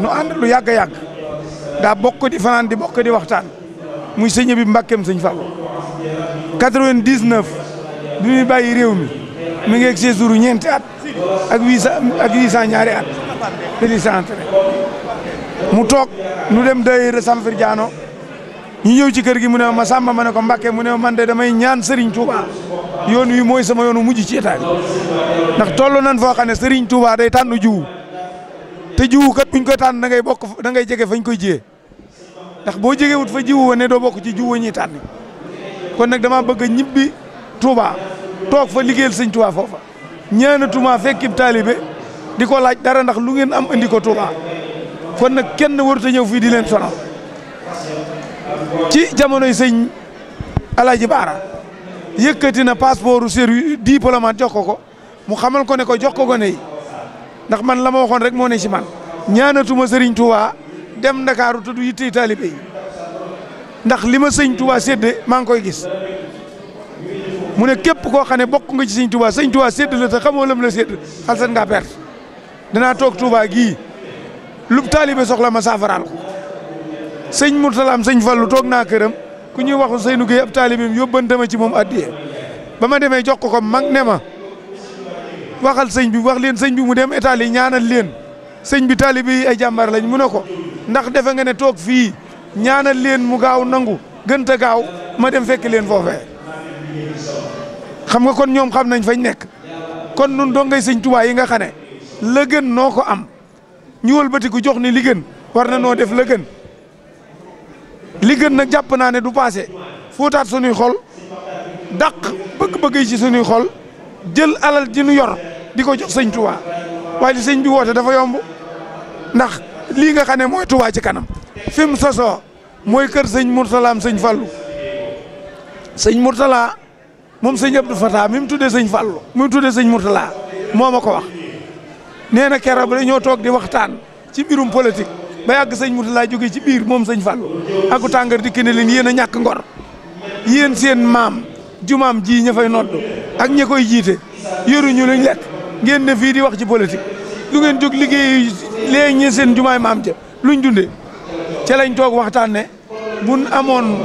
nu ànd lu yàgg a yàgg daa bokk di fanaan di bokk di waxtaan muy sëñ bi mbàkkeem sëñ Fall 99 bi muy bàyyi réew mi mi ngi egg séjour ñeenti at ak 800 ak 800 ñaari at te di mu toog nu dem daayira Samfir Diano ñu ñëw ci kër gi mu ne ma Samba ma ne ko Mbacke mu ne man de damay ñaan Serigne Touba yoon wi mooy sama yoonu mujj ci état bi ndax toll nan foo xam ne Serigne Touba day tànn jiwu te jiwu kat buñ koy tànn da ngay bokk da ngay jege fañ koy jiyee ndax boo jegewut fa jiwu wa ne doo bokk ci jiwu wa ñuy tànn kon nag dama bëgg a ñibbi Touba toog fa liggéeyal sëñ Touba tuma fek fekkib taalibe di ko laaj dara ndax lu ngeen am andi ko kon nag kenn warut a ñëw fii di leen sonal ci jamonoy sëñ Alaaji Baara yëkkati na passeport seru diplomate jox ko ko mu xamal ko ne ko jox ko gone yi ndax man la ma waxoon rek moo ne ci man ñaanatuma sëriñ Touba dem Ndakaaru tudd yittey taalibe yi ndax li ma sëñ sedde sédde maa ngi koy gis mu ne képp koo xam ne bokk nga ci sëñ Touba sëñ Touba sédd la te xamoo lam la sédd xal seen ngaa perte danaa toog Touba gii lu taalibe soxla ma saafaraal ko sëñ Mourtalaam sëñ Fallu toog naa këram ku ñuy waxu Seynu Gueye ab taalibeem yóbbante ma ci moom addiye ba ma demee jox ko ko mag ne ma waxal sëñ bi wax leen sëñ bi mu dem Italie ñaanal leen sëñ bi taalibe yi ay jàmbaar lañ mu ne ko ndax defe nga ne toog fii ñaanal leen mu gaaw nangu gën gaaw ma dem fekk leen foofee xam nga kon ñoom xam nañ fañ nekk kon nun dongay sëñ Tuubaa yi nga xam ne la gën noo ko am ñu wëlbatiku jox ni li war na noo def la gën li gën nag jàpp naa ne du passé fóotaat suñuy xol dàq bëgg-bëgg ci suñuy xol jël alal ji nu yor di ko jox sëñ Touba waaye sëñ bi woote dafa yomb ndax lii nga xam ne mooy Touba ci kanam fi mu sosoo mooy kër sëñ Mourtalaam sëñ Fallou sëñ Mourtala moom sëñ Abdou Fatah mi mu tuddee sëñ Fallou mi mu tuddee sëñ Mourtala moo ma ko wax nee na keroog ba dañoo toog di waxtaan ci mbirum politique ba yàgg sëñ Mourtala jóge ci biir moom sëñ Fall aku tàngar dikki ne leen yéen a ñàkk ngor yéen seen maam jumaam ji ña fay nodd ak ña koy jiite yoruñu luñ lekk ngeen ne fii di wax ci politique lu ngeen jóg liggéey léegi ñi seen jumaay maam ja luñ dundee ca lañ toog waxtaan ne buñ amoon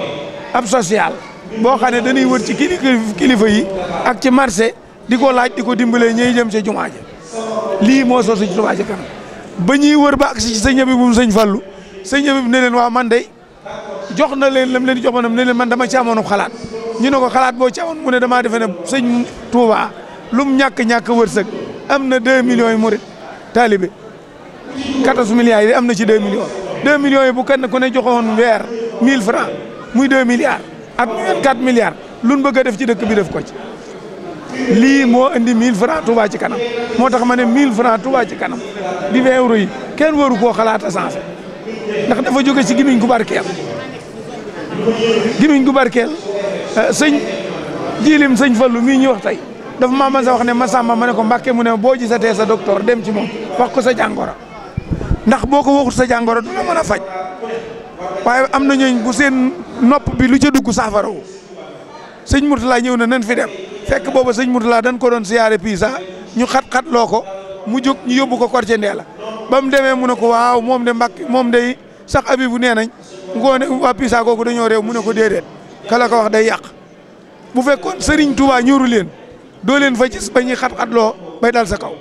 ab social boo xam ne dañuy wër ci kilifa yi ak ci marché di ko laaj di ko dimbalee ñiy jëm ca jumaa ja lii moo sosu ci Touba ca kanam ba ñuy wër ba agsi ci sëñ bi bu sëñ Fallou sëñ bi ne waaw man de jox na leen lam leen jox ma ne man dama ci amoon xalaat ñu ne ko xalaat boo ci amoon mu ne damaa defe ne sëñ Touba lum ñàkk ñàkk wërsëg am na 2 millions yu murit taalibe 14 milliards yi am na ci 2 millions 2 millions yi bu kenn ku ne joxoon weer 1000 francs muy 2 milliards ak 4 milliards luñ bëgg a def ci dëkk bi def ko ci. lii moo indi 1000 francs Touba ci kanam moo tax ma ne 1000 francs Touba ci kanam di 20 euros yi kenn waru koo xalaat a sensé ndax dafa jóge ci gimiñ gu barkeel gimiñ gu barkeel euh, sëñ jiilim sëñ Fallu mii ñuy wax tey dafa maa ma sa wax ne ma Massamba ma ne ko mbake mu ne boo gisatee sa docteur dem ci moom wax ko sa jàngoro ndax boo ko waxut sa jàngoro du la mën a faj waaye am na ñooñ bu seen nopp bi lu ca dugg saafara wu sëñ Mourtala ñëw na nañ fi dem fekk booba sëñ Mourtala dañ ko doon siyaare Pisa ñu xat-xat loo ko mu jóg ñu yóbbu ko Korce Ndeela ba mu demee mu ne ko waaw moom de mbak moom day sax abibu nee nañ ngoone waa Pisa kooku dañoo réew mu ne ko déedéet kala ko wax day yàq bu fekkoon Serigne Touba ñëwru leen doo leen fa gis ba ñuy xat-xat loo bay dal sa kaw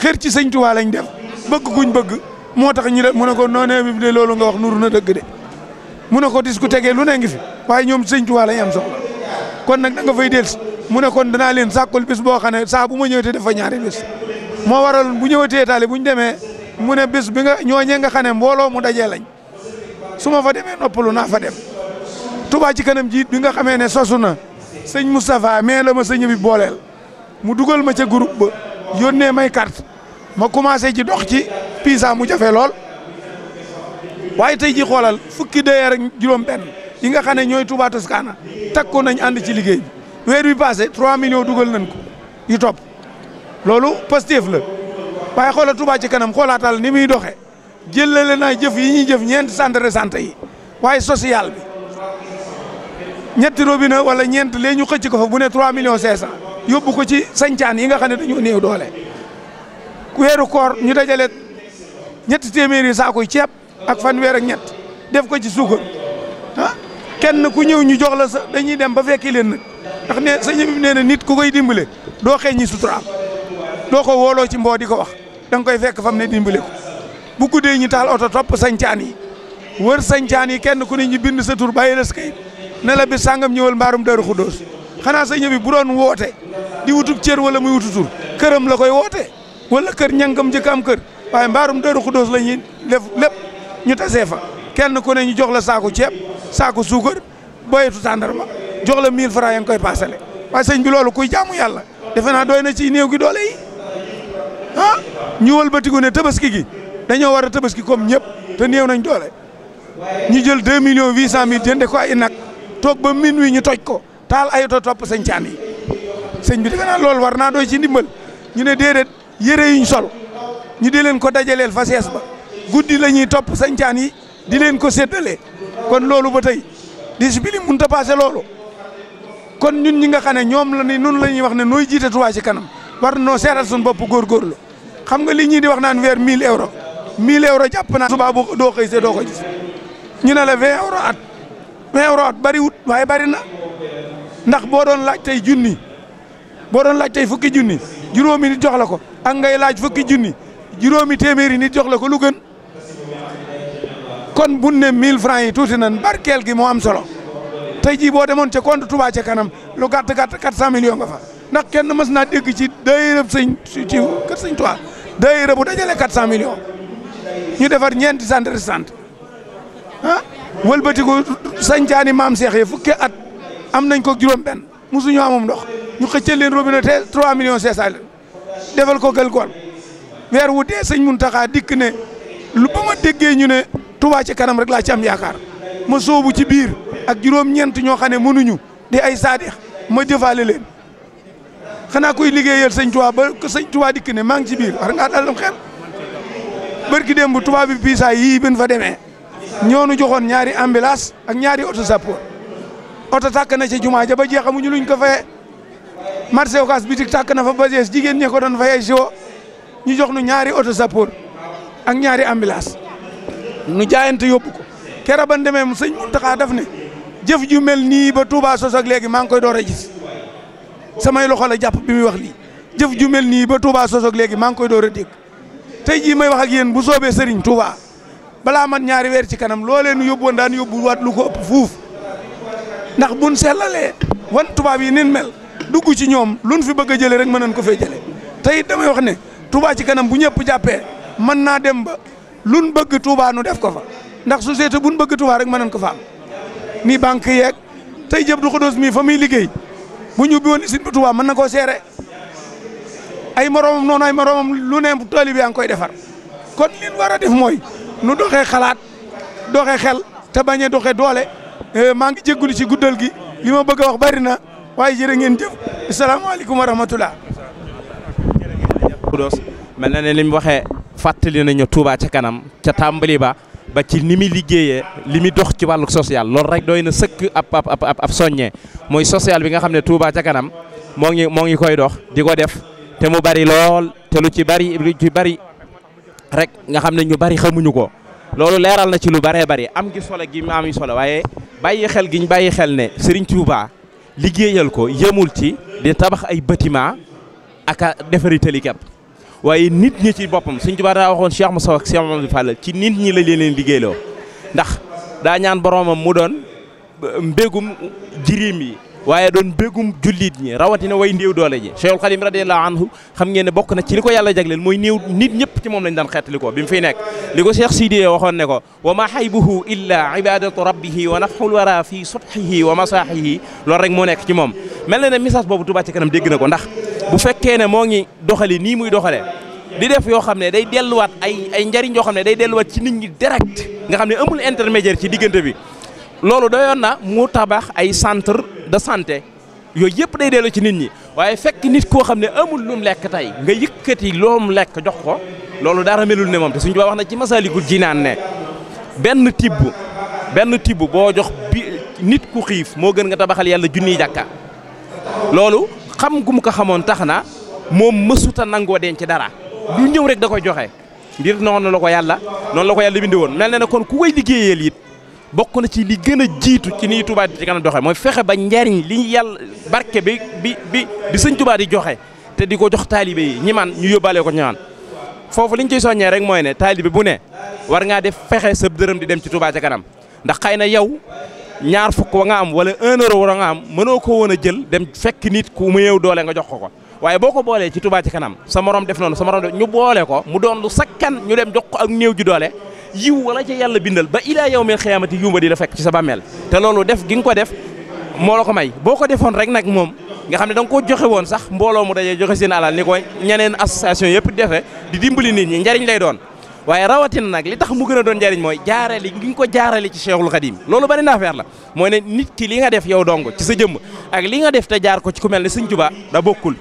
xër ci sëñ Touba lañ def bëgg kuñ bëgg moo tax ñu ne mu ne ko noonee bi de loolu nga wax nuru na dëgg mu ne ko dis ku tegee lu ne ngi fi waaye ñoom sëñ Touba lañ am kon nag da nga fay dellusi mu ne kon danaa leen sàkkul bis boo xam ne saa bu ma ñëwatee dafa ñaari bis moo waral bu ñëwatee taale bu ñu demee mu ne bis bi nga ñooñee nga xam ne mbooloo mu dajee lañ su ma fa demee noppalu naa fa dem Touba ci kanam jiit bi nga xamee ne sosu na sëñ Moustapha mais la ma sëñ bi booleel mu dugal ma ca groupe ba yónnee may carte ma commencé ci dox ci Pisa mu jafee lool waaye tey ji xoolal fukki dayee rek juróom benn yi nga xam ne ñooy Touba Toscana takku nañ ànd ci liggéey bi weer yi passé 3 millions dugal nañ ko yu topp loolu positif la waaye xoola Touba ci kanam xoolaatal ni muy doxee jëlale naa jëf yi ñuy jëf ñeenti centre de santé yi waaye social bi ñetti robinet wala ñeent lee ñu xëcc ko fa bu ne 3 millions 500 yóbbu ko ci sañcaan yi nga xam ne dañoo néew doole ku weeru koor ñu dajale ñetti téeméeri yi ceeb ak fanweer ak ñett def ko ci suukar kenn ku ñëw ñu jox la sa dañuy dem ba fekki leen nag ndax ne sa ñëpp nee nit ku koy dimbale doo xeeñ ñi suturaam doo ko wooloo ci mboo di ko wax da nga koy fekk fam ne dimbale ko bu guddee ñu taal oto topp sañcaan yi wër sañcaan kenn ku ne ñi bind sa tur bàyyi la sa kayit ne la bi sàngam ñëwal mbaarum daru xudóos xanaa sa ñëbi bu doon woote di wutub wala muy wutu tur këram la koy woote wala kër ñangam njëkk am kër waaye mbaarum daru xudóos la ñuy def lépp ñu tasee fa kenn ku ne ñu jox la saako ceeb saako suukar boyetu tàndarma jox la 1000 francs ya nga koy paasale waaye bi loolu kuy jaamu yàlla defe naa doy na ci néew gi doole yi ah ñu wëlbatiku ne tabaski gi dañoo war a tabaski comme ñëpp te néew nañ doole ñu jël 2 millions 800 mille jënde ko ay nag toog ba minuit ñu toj ko taal ay oto topp sëñ caan yi sëñ bi naa loolu war naa doy ci ndimbal ñu ne déedéet yére yuñ sol ñu di leen ko dajaleel fa sees ba guddi la ñuy topp sëñ yi di leen ko séddalee kon loolu ba tey discipline mënut a passé loolu kon ñun ñi nga xam ne ñoom la ni nun la ñuy wax ne nooy jiite Touba ci kanam war noo seeral suñu bopp la xam nga li ñii di wax naan weer 1000 euros 1000 euros jàpp naa subaa boo doo xëy see doo ko gis ñu ne la 20 euros at 20 euros at bari wut waaye bari na ndax boo doon laaj tey junni boo doon laaj tey fukki junni juróomi nit jox ko ak ngay laaj fukki junni juróomi téeméeri nit jox la ko lu gën. kon bu ne 1000 francs yi tuuti nan barkeel gi moo am solo tey jii boo demoon ca compte Touba ca kanam lu gàtt gàtt 400 millions nga fa ndax kenn mës naa dégg ci daayira sëñ ci kër sëñ Touba daayira bu dajale 400 millions ñu defar ñeenti centre sant ah wëlbatiku sañcaani maam Cheikh yi fukki at am nañ ko juróom benn musuñu amum ndox ñu xëccal leen robinet te 3 millions 500 la defal ko gël gool weer wu dee sëñ taxa dikk ne lu ba ma ñu ne Touba ci kanam rek laa ci am yaakaar ma soobu ci biir ak juróom-ñeent ñoo xam ne nuñu di ay saadix ma jëfaale leen xanaa koy liggéeyal sëñ Touba ba sëñ Touba dikk ne maa ngi ci biir war ngaa dalum xel barki démb Touba bi piisaay yii bin fa demee nu joxoon ñaari ambulance ak ñaari oto sappoor oto takk na ci jumaa ja ba jeex amuñu luñ ko fayee marché Ocass bitik tàkk na fa ba jeex jigéen ñi ko doon fayee si ñu jox nu ñaari oto sappoor ak ñaari ambulance nu jaayante yóbbu ko kera ban demee sëñ Muntaxa daf ne jëf ju mel nii ba Touba sos ak léegi maa ngi koy door a gis samay loxo la jàpp bi muy wax lii jëf ju mel nii ba Touba sos ak léegi maa ngi koy door a dégg tey ji may wax ak yéen bu soobee Serigne Touba balaa man ñaari weer ci kanam loolee nu yóbbu woon daan yóbbu waat lu ko ëpp fuuf ndax buñ sellalee wan tubaab yi nin mel dugg ci ñoom lu luñ fi bëgg a jëlee rek mën nañ ko fee jëlee tey damay wax ne Touba ci kanam bu ñëpp jàppee mën naa dem ba luñ bëgg Touba nu def ko fa ndax société buñ bëgg Touba rek mën nañ ko fa am ni banque yeeg tey jëb du xodoos mii fa mi liggéey bu ñu ubbi woon usine bu Touba mën na koo seere ay moromam noonu ay moromam lu ne taalibe yaa ngi koy defar kon li ñu war a def mooy nu doxee xalaat doxee xel te bañ a doxee doole eh, maa ngi jéggulu ci guddal gi li ma bëgg a wax bari na waaye jërë ngeen jëf asalaamaaleykum wa rahmatulah. mel na ne li mu waxee fàttali nañu Touba ca kanam ca tàmbali ba ba ci ni muy liggéeyee li muy dox ci wàllu social loolu rek doy na sëkk ab ab ab ab soññee mooy social bi nga xam ne Touba ca kanam moo ngi moo ngi koy dox di ko def te mu bari lool te lu ci bari lu ci bari rek nga xam ne ñu bari xamuñu ko loolu leeral na ci lu baree bari am gi solo gi ma am solo waaye bàyyi xel gi ñu bàyyi xel ne Serigne Touba liggéeyal ko yëmul ci di tabax ay bâtiment ak defari tali waaye nit ñi ci boppam Sëñ Tuubaa daa waxoon Cheikh Moussa ak Cheikh Mamadou Fall ci nit ñi la leen liggéeyloo ndax daa ñaan boromam mu doon mbégum jirim yi waaye doon bégum jullit ñi rawatina way néew doole ji Cheikhul Khadim radiyallahu anhu xam ngeen ne bokk na ci li ko yàlla jagleel mooy néew nit ñëpp ci moom lañ daan xeetali ko bi mu fiy nekk li ko Cheikh Sidi waxoon ne ko wa ma xaybuhu illa ibadatu rabbihi wa nafxul wara fi subhihi wa masaahihi loolu rek moo nekk ci moom mel na ne message boobu Touba ci kanam dégg na ko ndax bu fekkee ne moo ngi doxali nii muy doxalee di def yoo xam ne day delluwaat ay ay njariñ yoo xam ne day delluwaat ci nit ñi direct nga xam ne amul intermédiaire ci diggante bi loolu dayoon na mu tabax ay centre de santé yooyu yëpp day dellu ci nit ñi waaye fekk nit koo xam ne amul lu lekk tey nga yëkkati loo mu lekk jox ko loolu dara melul ne moom te suñu ba wax na ci Masaalikul Jinaan ne benn tibb benn tibb boo jox nit ku xiif moo gën nga tabaxal yàlla junniy jàkka loolu xam gu mu ko xamoon tax na moom mësuta nangoo denc dara lu ñëw rek da koy joxe ngir noonu la ko yàlla noonu la ko yàlla bindi woon mel na ne kon ku koy liggéeyeel it bokk na ci li gën a jiitu ci ni Touba di ci kanam doxe mooy fexe ba njariñ li yàlla barke bi bi bi bi sëñ di joxe te di ko jox taalibe yi ñi man ñu yóbbaale ko ñaan foofu liñ ciy soññee rek mooy ne taalibe bu ne war ngaa def fexe sa dërëm di dem ci Touba ca kanam ndax xëy na yow ñaar fukk wa nga am wala un euro wa nga am mënoo ko woon a jël dem fekk nit ku mu yeew doole nga jox ko ko waaye boo ko boolee ci Touba ci kanam sa morom def noonu sa def ñu boole ko mu doon lu sakkan ñu dem jox ko ak néew ji doole yiw wala ci yalla bindal ba ilaa yawmil xiyaamati yuumba di la fekk ci sa bàmmeel te loolu def gi ko def moo la ko may boo ko defoon rek nag moom nga xam ne da nga ko joxe woon sax mbooloo mu dajee joxe seen alal ni ko ñeneen association yëpp defee di dimbali nit ñi njariñ lay doon waaye rawatina nag li tax mu gën doon njariñ mooy jaarale gi nga ko jaarale ci Cheikhul Khadim loolu bari na affaire la moo ne nit ki li nga def yow dong ci sa jëmm ak li nga def te jaar ko ci ku mel ne Sëñ Tuubaa da bokkul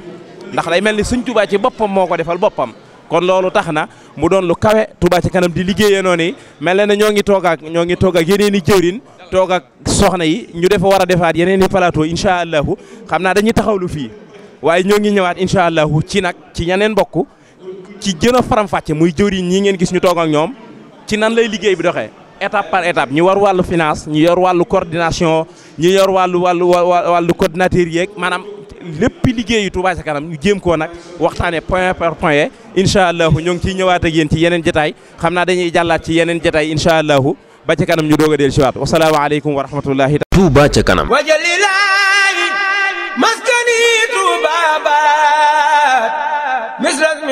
ndax day mel ni Sëñ Tuubaa ci boppam moo ko defal boppam kon loolu tax na mu doon lu kawe Touba ci kanam di liggéeyee noonu mel na ne ñoo ngi toog ñoo ngi toog ak yeneen i jëwrin toog ak soxna yi ñu defa war a defaat yeneen i plateau incha allahu xam naa dañuy taxawlu fii waaye ñoo ngi ñëwaat incha allahu ci nag ci ñeneen bokk ci gën a faram-fàcce muy jëwriñ ñi ngeen gis ñu toog ak ñoom ci nan lay liggéey bi doxe étape par étape ñu war wàllu finance ñi yor wàllu coordination ñu yor wàllu wàllu wàllu coordinateur yeeg maanaam lépp liggéeyu Touba ca kanam ñu jéem koo nag waxtaanee point par point incha allahu ñoo ngi ciy ñëwaat ak ci yeneen jotaay xam naa dañuy jàllaat ci yeneen jotaay incha allahu ba ca kanam ñu doog a dellu si waat wasalaamaaleykum wa rahmatullahi taala Touba ca kanam wajalilahi maskani Touba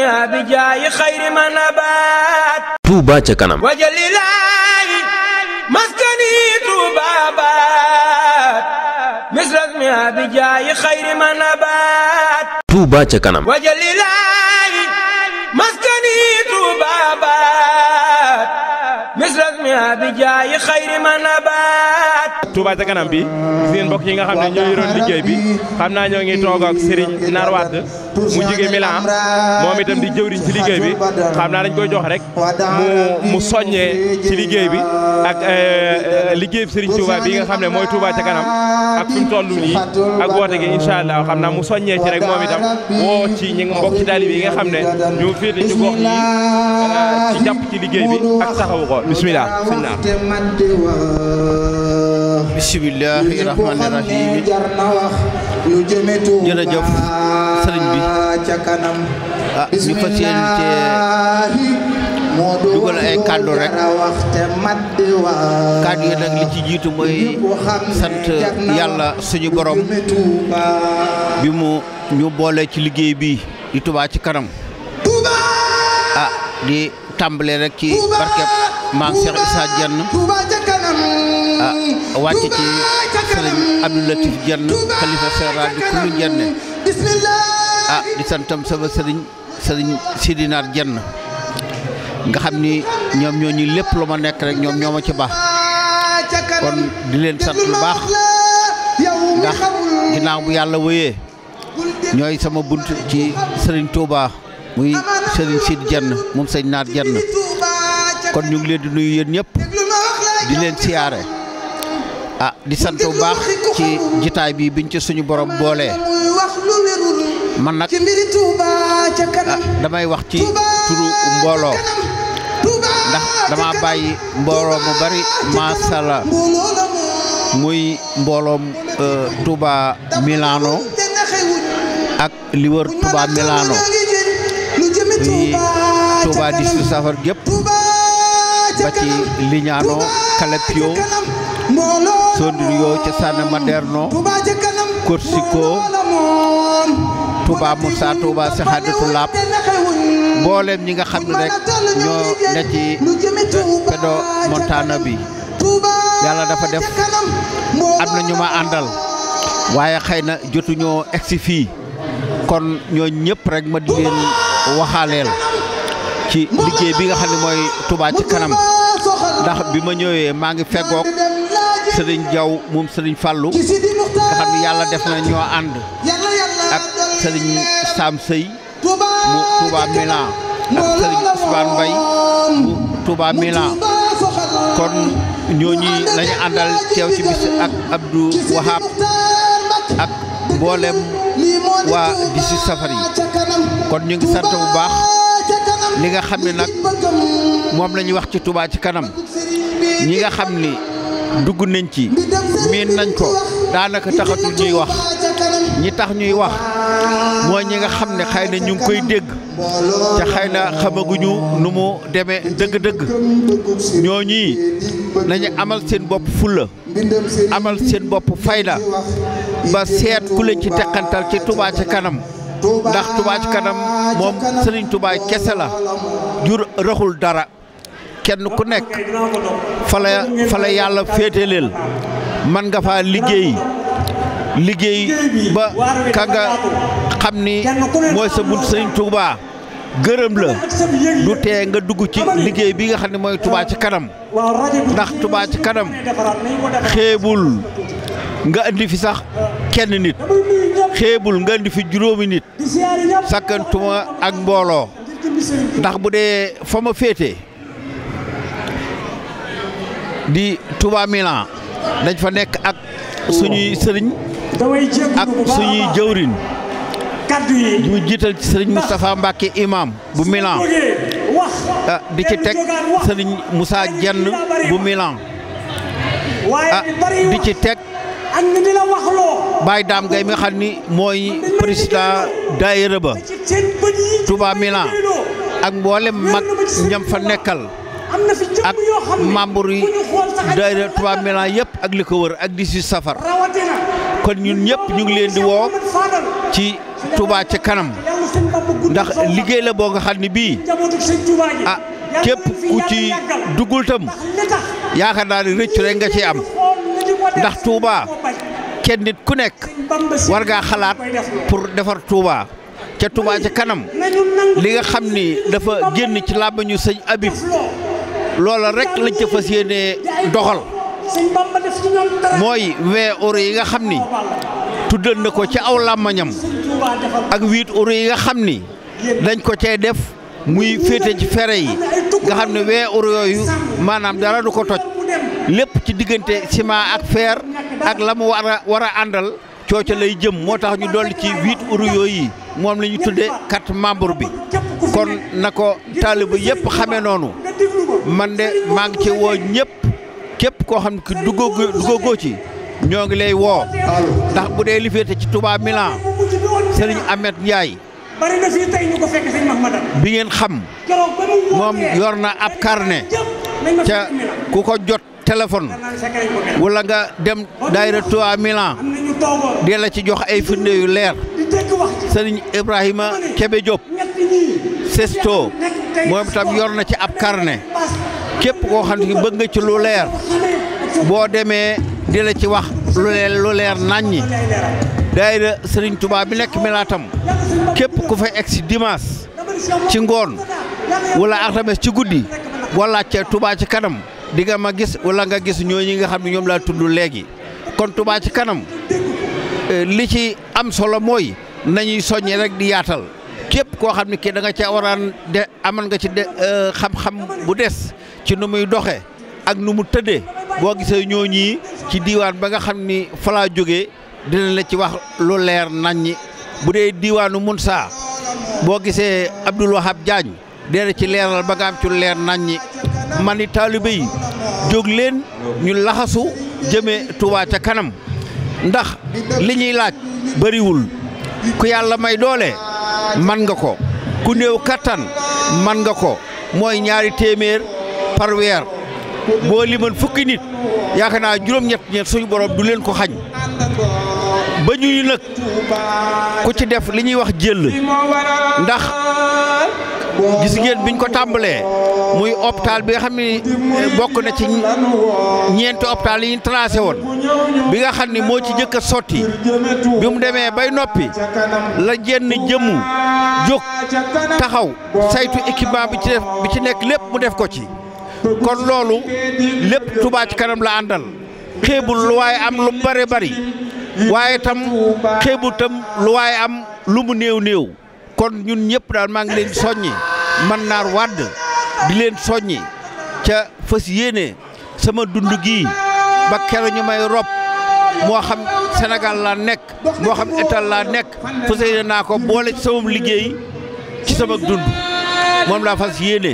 dunya bi jaayi xayri ma nabaat Touba ca kanam wajalilaayi maskani Touba baat misras mi bi jaayi xayri ma nabaat Touba ca kanam wajalilaayi maskani Touba baat misras الجامعة بجاي bi seen mbokk yi nga xam ne ñoo bi xam naa ñoo ngi toog ak Serigne Nar Wade mu jóge Milan moom itam di ci liggéey bi xam naa koy jox rek mu mu soññee ci liggéey bi ak euh, euh, liggéey bi Serigne Touba bi nga xam ne mooy Touba ca kanam ak fi mu toll nii rek moom itam woo ci nga xam ne ñu féete ci sëñ naar bismillaahi rahmaani rahiim bi ah, ñu fas yéene dugal ay kàddu rek kàddu yi nag li ci jiitu mooy sant yàlla suñu borom bi mu ñu boole ci liggéey bi di Touba ci kanam ah di tàmbale rek ci barkeb maam Cheikh Issa Diène ah wàcc ci sëriñ Abdou Latif Diène xalifa général di kullu Diène ah di santam sama sëriñ sëriñ Sidinaar Diène nga xam ni ñoom ñoo ñu lépp lu ma nekk rek ñoom ñoo ma ci baax leen sant lu baax ndax ginnaaw yàlla wéyee ñooy sama bunt ci sëriñ Touba muy sëriñ Sid Diène moom sëñ Naar Diène kon ñu ngi leen di nuyu yéen ñëpp di leen siyaare a ah, di sant bu baax ci jitaay bi biñ ci suñu borom boolee man nag ah, damay wax ci turu mbooloo ndax dama bàyyi mbooloo mu bari masala muy mbooloom euh, Touba Milano ak li wër Touba Milano yi Touba di su safar gépp ba ci Lignano Calepio Sondrio ca Sane Maderno Korsiko Touba Moussa Touba Sahadatou Lab mboolem ñi nga xam ne rekk ñoo ne ci pedo montana bi yàlla dafa def am na ñu ma àndal waaye xëy na jotuñoo egsi fii kon ñoo ñëpp rek ma di waxaaleel ci liggéey bi nga xam ne mooy Touba ci kanam ndax bi ma ñëwee maa ngi feggoog sëriñ Diaw moom sëriñ Fallou nga xam ne yàlla def na ñoo ànd ak sëriñ Sam Sey mu Touba Milan ak sëriñ Ousmane kon ñooñu lañu àndal teew ci bis ak Abdou Wahab ak mboolem waa 18 safar yi kon ñu ngi sant bu baax. li nga xam ne nag moom la wax ci Touba ci kanam ñi nga xam ni dugg nañ ci miin nañ ko daanaka taxatu ñuy wax ñi tax ñuy wax moo ñi nga xam ne xëy na ñu ngi koy dégg te xëy na xamaguñu nu mu demee dëgg-dëgg ñooñi nañu amal seen bopp fulla amal seen bopp fayda ba seet ku ci teqantal ci Touba ci kanam ndax Touba Ca Kanam moom Serigne Touba kese la jur raxul dara kenn ku nekk fa la fa la yàlla féeteleel man nga fa liggéey liggéey ba ka nga xam ni mooy sa bunt Serigne Touba gërëm la du tee nga dugg ci liggéey bi nga xam ne mooy Touba Ca Kanam ndax Touba Ca Kanam xeebul nga indi fi sax kenn nit xeebul nga di fi juróomi nit sakkantuma ak mbooloo ndax bu dee fa ma féete di Touba Milan dañ fa nekk ak suñuy sëriñ ak suñuy jëwriñ ñu jiital ci sëriñ Moustapha Mbacke imam bu Milan ah, ah, di ci teg sëriñ musa Dieng bu Milan di ci teg Baye daam ngay mi nga xam ni mooy président daayira ba Touba Milan ak mboolem mag ñam fa nekkal ak membre yi daayira Touba Milan yëpp ak li ko wër ak di si safar kon ñun ñëpp ñu ngi leen di woo ci Touba ci kanam ndax liggéey la boo nga xam ne bii ah képp ku ci duggultam tam yaakaar naa ne rëcc rek nga ci am ndax Touba kenn nit ku nekk war ngaa xalaat pour defar Touba ca Touba ca kanam li nga xam ni dafa génn ci làmmiñu sëñ Abib loola rekk lañ ca fas yéenee doxal mooy wee oro yi nga xam ni tuddal na ko ci aw làmmiñam ak wiit oro yi nga xam ni dañ ko cay def muy féete ci fere yi nga xam ne wee oro yooyu maanaam dara du ko toj lépp ci diggante ciment ak fer ak la mu war a war a àndal cooca lay jëm moo tax ñu dolli ci huit euro yi moom lañuy ñu kat quatre membre bi kon na ko taaliba yëpp xamee noonu man de maa ngi ci woo ñëpp képp koo xam ne ki duggoo ci ñoo ngi lay woo ndax bu dee li féete ci Touba Milan Sëriñ Amet Ndiaye bari bi ngeen xam moom yor na ab carnet ca ku ko jot téléphone wala nga dem daayira Touba Milan dee la ci jox ay firnde yu leer sëriñ Ibrahima Kebe Diop sesto moom tam yor na ci ab carnet képp koo xam ne bëgg nga ci lu leer boo demee di la ci wax lu leer lu leer naññi daayira sëriñ Touba bi nekk Milan tam képp ku fa ci dimaas ci ngoon wala alxames ci guddi boo laajtee Touba ci kanam di nga ma gis wala nga gis ñooñu nga xam ne ñoom laa tudd léegi kon Touba ci kanam eh, li ci am solo mooy nañuy soññe rek di yaatal képp koo xam ne kii danga nga ca waraan de amal nga ci de eh, xam-xam bu des ci nu muy doxe ak nu mu tëddee boo gisee ñooñi ci diiwaan ba nga xam ni falaa jóge dina la ci wax lu leer naññi bu dee diiwaanu Mounsa boo gisee Abdoul jaañ Diagne dina ci leeral ba nga am ci leer naññi ma ni taalibe yi jóg leen ñu laxasu jëmee Touba ca kanam ndax li ñuy laaj bariwul ku yàlla may doole man nga ko ku néew kàttan man nga ko mooy ñaari téeméer par weer boo liman fukki nit yaakaar naa juróom-ñett ñett suñu borom du leen ko xañ ba ñuy nag ku ci def li ñuy wax jël ndax gis ngeen biñ ko tàmbalee muy hôpital bi nga xam ni bokk na ci ñeenti hôpital yi ñu tracé woon bi nga xam ni moo ci jëkk a sotti bi mu demee bay noppi la jenn jëmu jóg taxaw saytu équipement bi ci def bi ci nekk lépp mu def ko ci kon loolu lépp Touba ci kanam la àndal xeebul lu waaye am lu bare bari waaye tam xeebul tam lu waaye am lu mu néew néew kon ñun ñëpp daal maa ngi leen soññi man naar wàdd di leen soññi ca fës yéene sama dund gii ba keroog ñu may rob moo xam Sénégal laa nekk moo xam état laa nekk fas naa ko boole ci sama liggéey ci sama dund moom laa fas yéene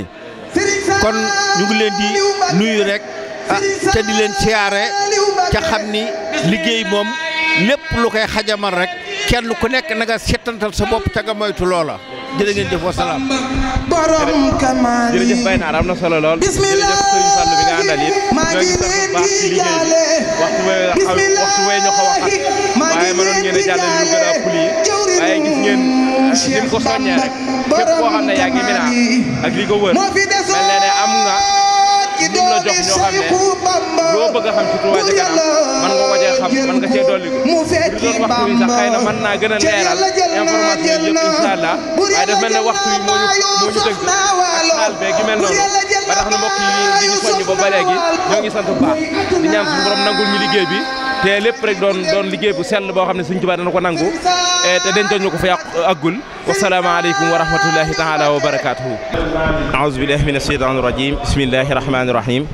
kon ñu ngi leen di nuyu rek ah te di leen siyaare ca xam ni liggéey moom lépp lu koy xajamal rekk kenn ku nekk na nga sa bopp te nga moytu loola jërë ngeen jëf wa salaam. borom kamaal yi jërëjëf Baye Naar am na solo lool. bisimilah maa ngi bi waxtu ko waxaat waaye mënoon ngeen a a puli waaye gis ngeen ni ah, mu ko soññee rek yaa ngi Mina ak li ko wër mel ne am nga ñu la jox ñoo xam ne. loo bëgg a xam ci Touba ca kanam man nga ko cee xam man nga cee dolli ko bu doon waxtu bi sax xëy na naa gën a leeral information yi yëpp incha allah waaye daf mel ne waxtu yi moo ñu moo ñu tënk ak xaal na mbokk yi di ñu a ba ba léegi ñoo ngi sant bu di ñaan suñu borom nangul liggéey bi te lépp rek doon doon liggéey bu sell boo xam ne Sëriñ Tuubaa dana ko nangu eh, te dencoon ñu ko fa yàq àggul wasalaamaaleykum wa rahmatullahi taala wa barakaatuhu aouzu billahi min asheytaan irajim bismillahi rahmani rahim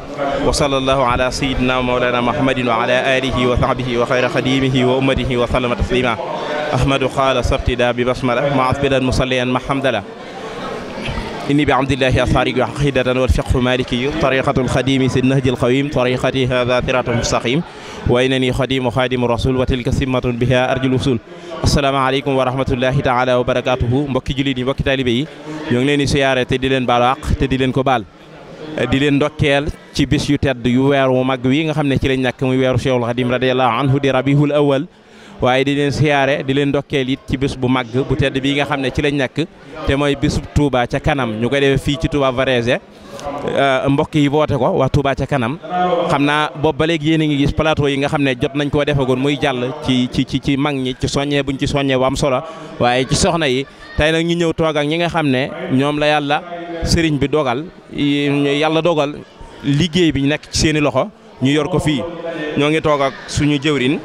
wa sallallahu ala sayidina mawlana muhammadin wa ala alihi wa sahbihi wa xayra xadimihi wa ummatihi wa sallama taslima ahmadu qaala sabtida bi basmala ma asbilan musalliyan mahamdala inni bi amdillahi asaari wa xidatan wal fiqhu maliki tariqatul xadimi si nahjil xawim tariqati hada siratu mustaqim wa innani xadimu xadimu rasul wa tilka simmatun biha arjul usul asalaamaaleykum wa rahmatullahi taala wa barakatuhu mbokki jullit yi mbokki talibe yi ñoo ngi leen di siyaare te di leen baal àq te di leen ko baal di leen ndokkeel ci bis yu tedd yu weer wu mag wi nga xam ne ci lañ nekk muy weeru Cheikhul Xadim radiyallahu anhu di rabihul awal waaye di leen siyaare di leen ndokkeel it ci bés bu mag bu tedd bii nga xam ne ci lañ nekk te mooy bésu Touba ca kanam ñu ko defee fii ci Touba Varese euh, mbokk yi woote ko wax Touba ca kanam xam naa boobu ba léegi yéen a ngi gis plateau yi nga xam ne jot nañ koo defagoon muy jàll ci ci ci ci mag ñi ci soññee buñ ci soññee bu am solo waaye ci soxna yi tey nag ñu ñëw toog ak ñi nga xam ne ñoom la yàlla sëriñ bi dogal yàlla dogal liggéey bi nekk ci seeni loxo. ñu yor ko fii ñoo ngi toog ak suñu jëwriñ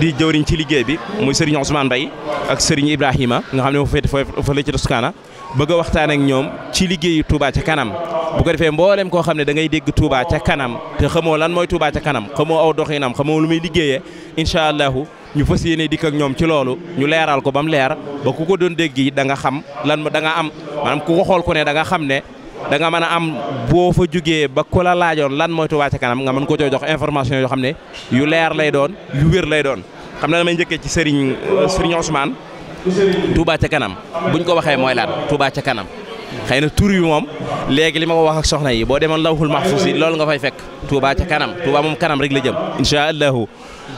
di jëwriñ ci liggéey bi muy sëriñ Ousmane Mbaye ak sëriñ Ibrahima nga xam ne moo féete fële ci Toscana bëgg a waxtaan ak ñoom ci liggéeyu Touba ca kanam bu ko defee mboolem koo xam ne da ngay dégg Touba ca kanam te xamoo lan mooy Touba ca kanam xamoo aw doxinam xamoo lu muy liggéeyee incha allahu ñu fas yéene dikk ak ñoom ci loolu ñu leeral ko ba mu leer ba ku ko doon dégg da nga xam lan da nga am maanaam ku xool ku ne da nga xam ne da nga mën a am boo fa jógee ba ku laajoon lan mooy Touba ca kanam nga mën ko jox information yoo xam ne yu leer lay doon yu wér lay doon xam na damay njëkkee ci Serigne euh, Serigne Ousmane Touba ca kanam buñ ko waxee mooy laat Touba ca kanam xëy na tur yu moom léegi li ma ko wax ak soxna yi boo demoon lawhul mahfuz si loolu nga fay fekk Touba ca kanam Touba moom kanam rek la jëm incha allahu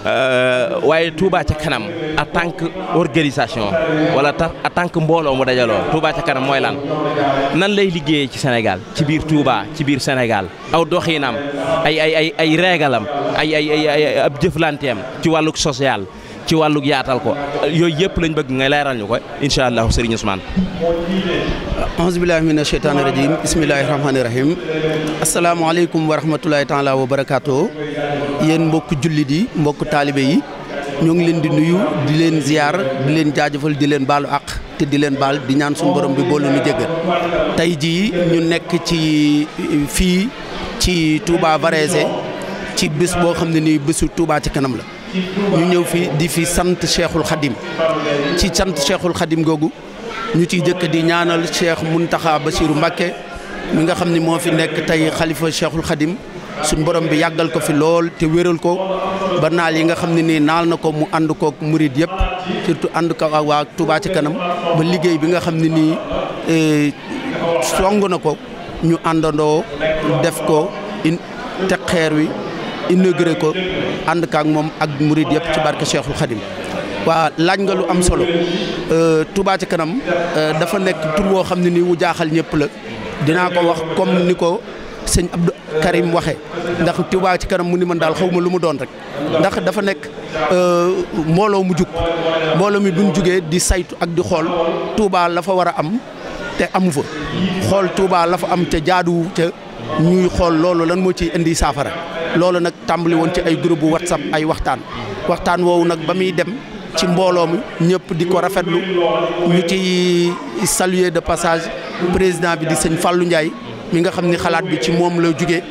Euh, waaye Touba ca kanam en tant que organisation wala tax en mbooloo mu dajaloo Touba ca kanam mooy lan nan lay liggéeyee ci senegal ci biir Touba ci biir Sénégal aw doxiinam ay ay ay ay ay ay ay ab jëflanteem ci wàllu social. ci wàllug yaatal ko yooyu yëpp lañ bëgg ngay leeral ñu ko incha allahu sëriñ Ousmane aousubillahi mina sheytaani rajim bismillahi rahmaani rahim asalaamaaleykum wa rahmatulahi taala wa barakaatu yéen mbokk jullit yi mbokk taalibe yi ñoo ngi leen di nuyu di leen ziar di leen jaajëfal di leen baalu àq te di leen baal di ñaan suñu bi boolu ñu jéggal tey jii ñu nekk ci fii ci Touba Varese ci bis boo xam ne nii bésu Touba ci kanam la ñu ñëw fi di fi sant cheikhul xadim ci sant cheikhul xadim googu ñu ciy jëkk di ñaanal cheikh Muntaxa Basiru Mbàkke mi nga xam ni moo fi nekk tey xalifa cheikhul xadim suñ borom bi yàggal ko fi lool te wéral ko ba naal yi nga xam ne nii naal na ko mu ànd koog murid yëpp surtout ànd ko waa Touba ci kanam ba liggéey bi nga xam ne nii e, song na ko ñu àndandoo def ko in teg xeer wi inauguré ko ànd kaak moom ak murid yëpp ci barke Cheikhul Khadim waa laaj nga lu am solo euh, Touba ci kanam euh, dafa nekk tur woo xam ne nii wu jaaxal ñëpp la dinaa ko wax comme ni ko sëñ Abdou Karim waxe ndax Touba ci kanam mu ni man daal xaw ma lu mu doon rek ndax dafa nekk euh, mbooloo mu jug mbooloo mi duñ jugee di saytu ak di xool Touba lafa war a am te amu fa xool Touba la fa am te jaaduwu ca ñuy xool loolu lan moo ciy indi saafara loolu nag tàmbaliwoon ci ay groupe bu whatsapp ay waxtaan waxtaan woowu nag ba muy dem ci mbooloo mi ñëpp di ko rafetlu ñu ci saluer de passage président bi di sëñ Fallou Ndiaye mi nga xam ni xalaat bi ci moom la jóge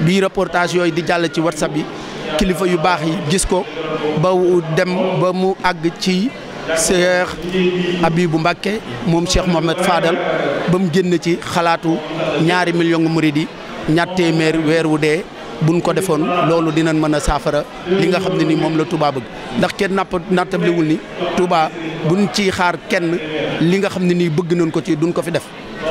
bii reportage yooyu di jàll ci whatsapp yi kilifa yu baax yi gis ko ba dem ba mu àgg ci Cheikh Abibou Mbacké moom Cheikh Mohamed Fadal ba mu génn ci xalaatu ñaari million murid yi ñaar téeméer weer wu dee buñ ko defoon loolu dinañ mën a saafara li nga xam ne nii moom la Touba bëgg ndax kenn napp nattabliwul ni Touba buñ ci xaar kenn li nga xam ne nii bëgg nañ ko ci duñ ko fi def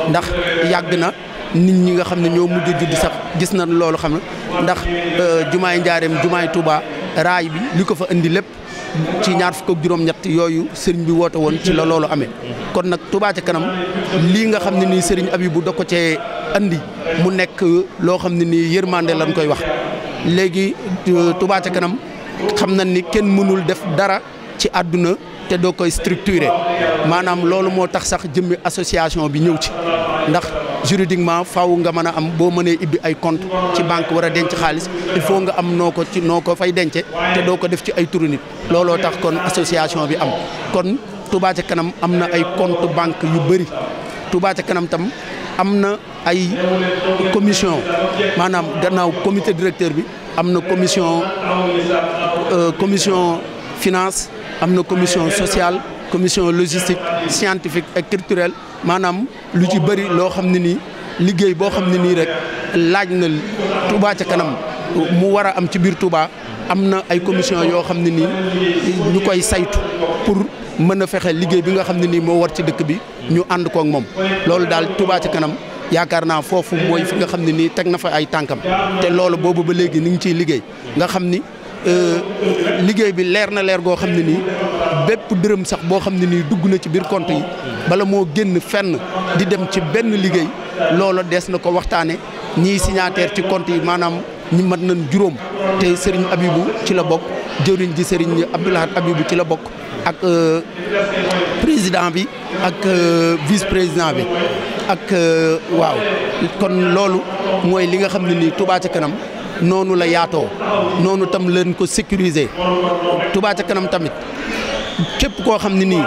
ndax yàgg na nit ñi nga xam ne ñoo mujj juddi sax gis na loolu xam ne ndax euh, jumaay Njaareem jumaay Touba raay bi li ko fa indi lépp ci ñaar fukk ak juróom-ñett yooyu sëriñ bi woote woon ci la loolu amee. kon nag Touba ca kanam lii nga xam ne nii sëriñ Abibou da ko cee andi mu nekk loo xam ne nii yërmande lañ koy wax léegi euh, Touba ca kanam xam na ni kenn mënul def dara ci àdduna. te doo koy structuré maanaam loolu moo tax sax jëmmi association bi ñëw ci ndax juridiquement faw nga mën a am boo mënee ibbi ay compte ci banque war a denc xaalis il faut nga am noo ko ci noo ko fay dencee te doo ko def ci ay turu looloo tax kon association bi am kon Touba ca kanam am na ay compte banque yu bëri Touba ca kanam tam am na ay commission maanaam gannaaw comité directeur bi am na commission euh, commission finance am na commission sociale commission logistique scientifique et culturelle maanaam lu ci bëri loo xam ne ni liggéey boo xam ne nii rek laaj na Touba ca kanam mu war a am ci biir Touba am na ay commission yoo xam ne nii ñu koy saytu pour mën na fexe liggéey bi nga xam ne nii moo war ci dëkk bi ñu ànd koog moom loolu daal Touba ca kanam yaakaar naa foofu mooy fi nga xam ne nii teg na fa ay tànkam te loolu boobu ba léegi ni ngi ciy liggéey nga xam ni Euh, liggéey bi leer na leer goo xam ne nii bépp dërëm sax boo xam ne nii dugg na ci biir compte yi bala moo génn fenn di dem ci benn liggéey loola des na ko waxtaane ñii signataire ci compte yi maanaam ñi mat nañ juróom te Serigne Abibou ci la bokk jëwriñ ji Serigne Abdoulahat Abibou ci la bokk ak euh, président bi ak euh, vice président bi ak waaw kon loolu mooy li nga xam ne nii Touba ca kanam noonu la yaatoo noonu tam leen ko sécuriser Touba ca kanam tamit képp koo xam ne nii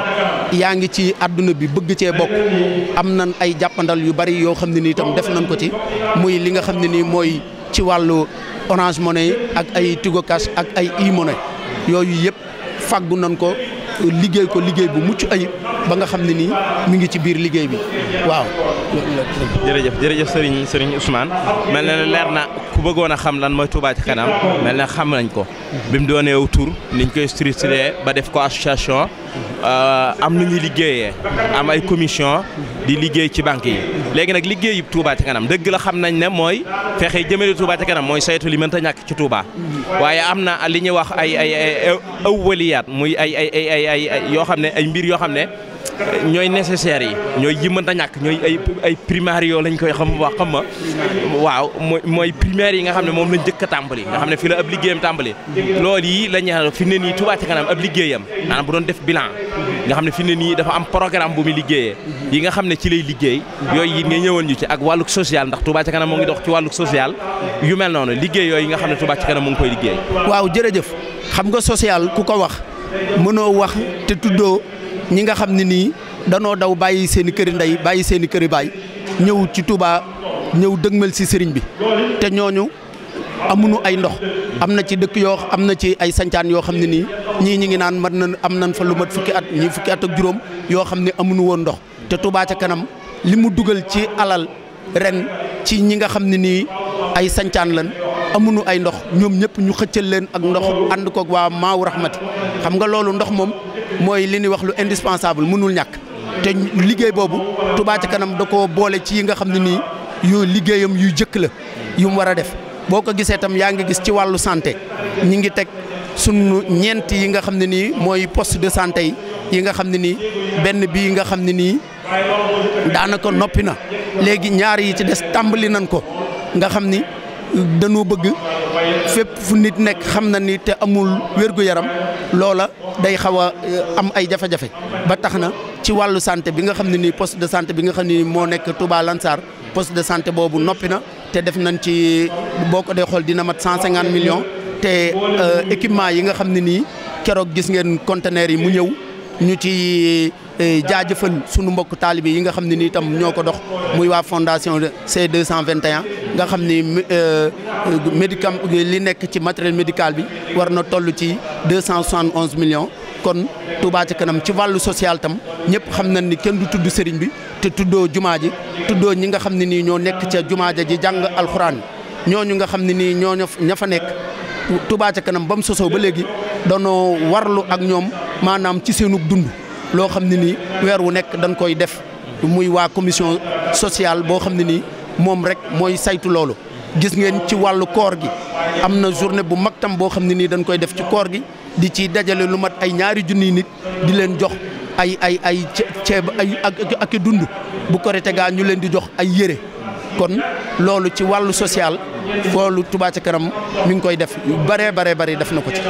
yaa ngi ci àdduna bi bëgg cee bokk am nan ay jàppandal yu bari yoo xam ne nii tam def nañ ko ci muy li nga xam ne nii mooy ci wàllu Orange Money ak ay Tigo Cash ak ay e-money yooyu yëpp fàggu nañ ko liggéey ko liggéey bu mucc ayib ba nga xam ne nii mu ngi ci biir liggéey bi waaw. jërëjëf jërëjëf Serigne Serigne Ousmane mel na leer na ku bëggoon a xam lan mooy Touba ci kanam mel na xam nañ ko. bi mu doonee aw tur niñ koy structuré ba def ko association. am nu ñuy liggéeyee am ay commission di liggéey ci banque yi léegi nag liggéey yi Touba ca kanam dëgg la xam nañ ne mooy fexe jëmale Touba ca kanam mooy saytu li mënta ñàkk ci Touba waaye am na li ñuy wax ay ay awwaliyaat muy ay ay ay ay yoo xam ne ay mbir yoo xam ne ñooy nécessaires yi ñooy yi mënta ñàkk ñooy ay ay primaires yoo lañ koy xam wax xam ma waaw mooy mooy primaires yi nga xam ne moom lañ jëkk a tàmbali nga xam ne fii la ab liggéeyam tàmbali loolu yi la ñeexal fi ne nii Touba kanam ab liggéeyam maanaam bu doon def bilan nga xam ne fi ne nii dafa am programme bu muy liggéeyee yi nga xam ne ci lay liggéey yooyu it nga ñëwal ñu ci ak wàlluk social ndax Touba ca kanam moo ngi dox ci wàlluk social yu mel noonu liggéey yooyu nga xam ne Touba ca kanam mu ngi koy liggéey waaw xam nga social ku ko wax mënoo wax te tuddoo ñi nga xam ne nii danoo daw bàyyi seen i këri ndey bàyyi seen i këri baay ñëw ci Touba ñëw dëgmal si sëriñ bi te ñooñu amuñu ay ndox am na ci dëkk yoo am na ci ay sancaan yoo xam ne nii ñii ñi ngi naan mën na am nañ fa lu mat fukki at ñii fukki at ak juróom yoo xam ne amuñu woon ndox te Touba ca kanam li mu dugal ci alal ren ci ñi nga xam ne nii ay sancaan lan amuñu ay ndox ñoom ñëpp ñu xëccal leen ak ndox ànd koog waa maawu rahmati xam nga loolu ndox moom mooy li ñuy wax lu indispensable mënul ñàkk te liggéey boobu Touba ca kanam da ko boole ci yi nga xam ne nii yu liggéeyam yu jëkk la yu mu war a def boo ko gisee tam yaa ngi gis ci wàllu santé ñi ngi teg sunu ñeent yi nga xam ne nii mooy post de santé yi nga xam ne nii benn bii nga xam ne nii daanaka noppi na léegi ñaar yi ci des tàmbali nañ ko nga xam ni danoo bëgg fépp fu nit nekk xam na ni te amul wér-gu-yaram loola day xaw a euh, am ay jafe-jafe ba tax na ci wàllu santé bi nga xam ne nii poste de santé bi nga xam ne nii moo nekk Touba Lansar poste de santé boobu noppi na te def nañ ci boo ko dee xool dina mat cent cinquante million te euh, équipement yi nga xam ne nii keroog gis ngeen conteneur yi mu ñëw ñu ci Eh, jaajëfal sunu mbokk taalibe yi nga xam ne nii itam ñoo ko dox muy waa fondation C221 nga xam ni euh, médicam li nekk ci matériel médical bi war na toll ci deux cent soixante onze millions kon Touba ca kanam ci wàllu social tam ñëpp xam nañ ni kenn du tudd sëriñ bi te tuddoo jumaa ji tuddoo ñi nga xam ne nii ñoo nekk ca jumaa ja ji jàng alxuraan ñooñu nga xam ne nii ñoo ña fa nekk Touba ca kanam ba mu sosoo ba léegi danoo warlu ak ñoom maanaam ci seenug dund loo xam ne nii weer wu nekk dañ koy def muy waa commission sociale boo xam ne nii moom rek mooy saytu loolu gis ngeen ci wàllu koor gi am na journée bu mag tam boo xam ne nii dañ koy def ci koor gi di ciy dajale lu mat ay ñaari junniy nit di leen jox ay ay ay ceeb ay ak dund bu korite gaa ñu leen di jox ay yére kon loolu ci wàllu social loolu Touba ca kanam mi ngi koy def yu bare bare bari def na ko ci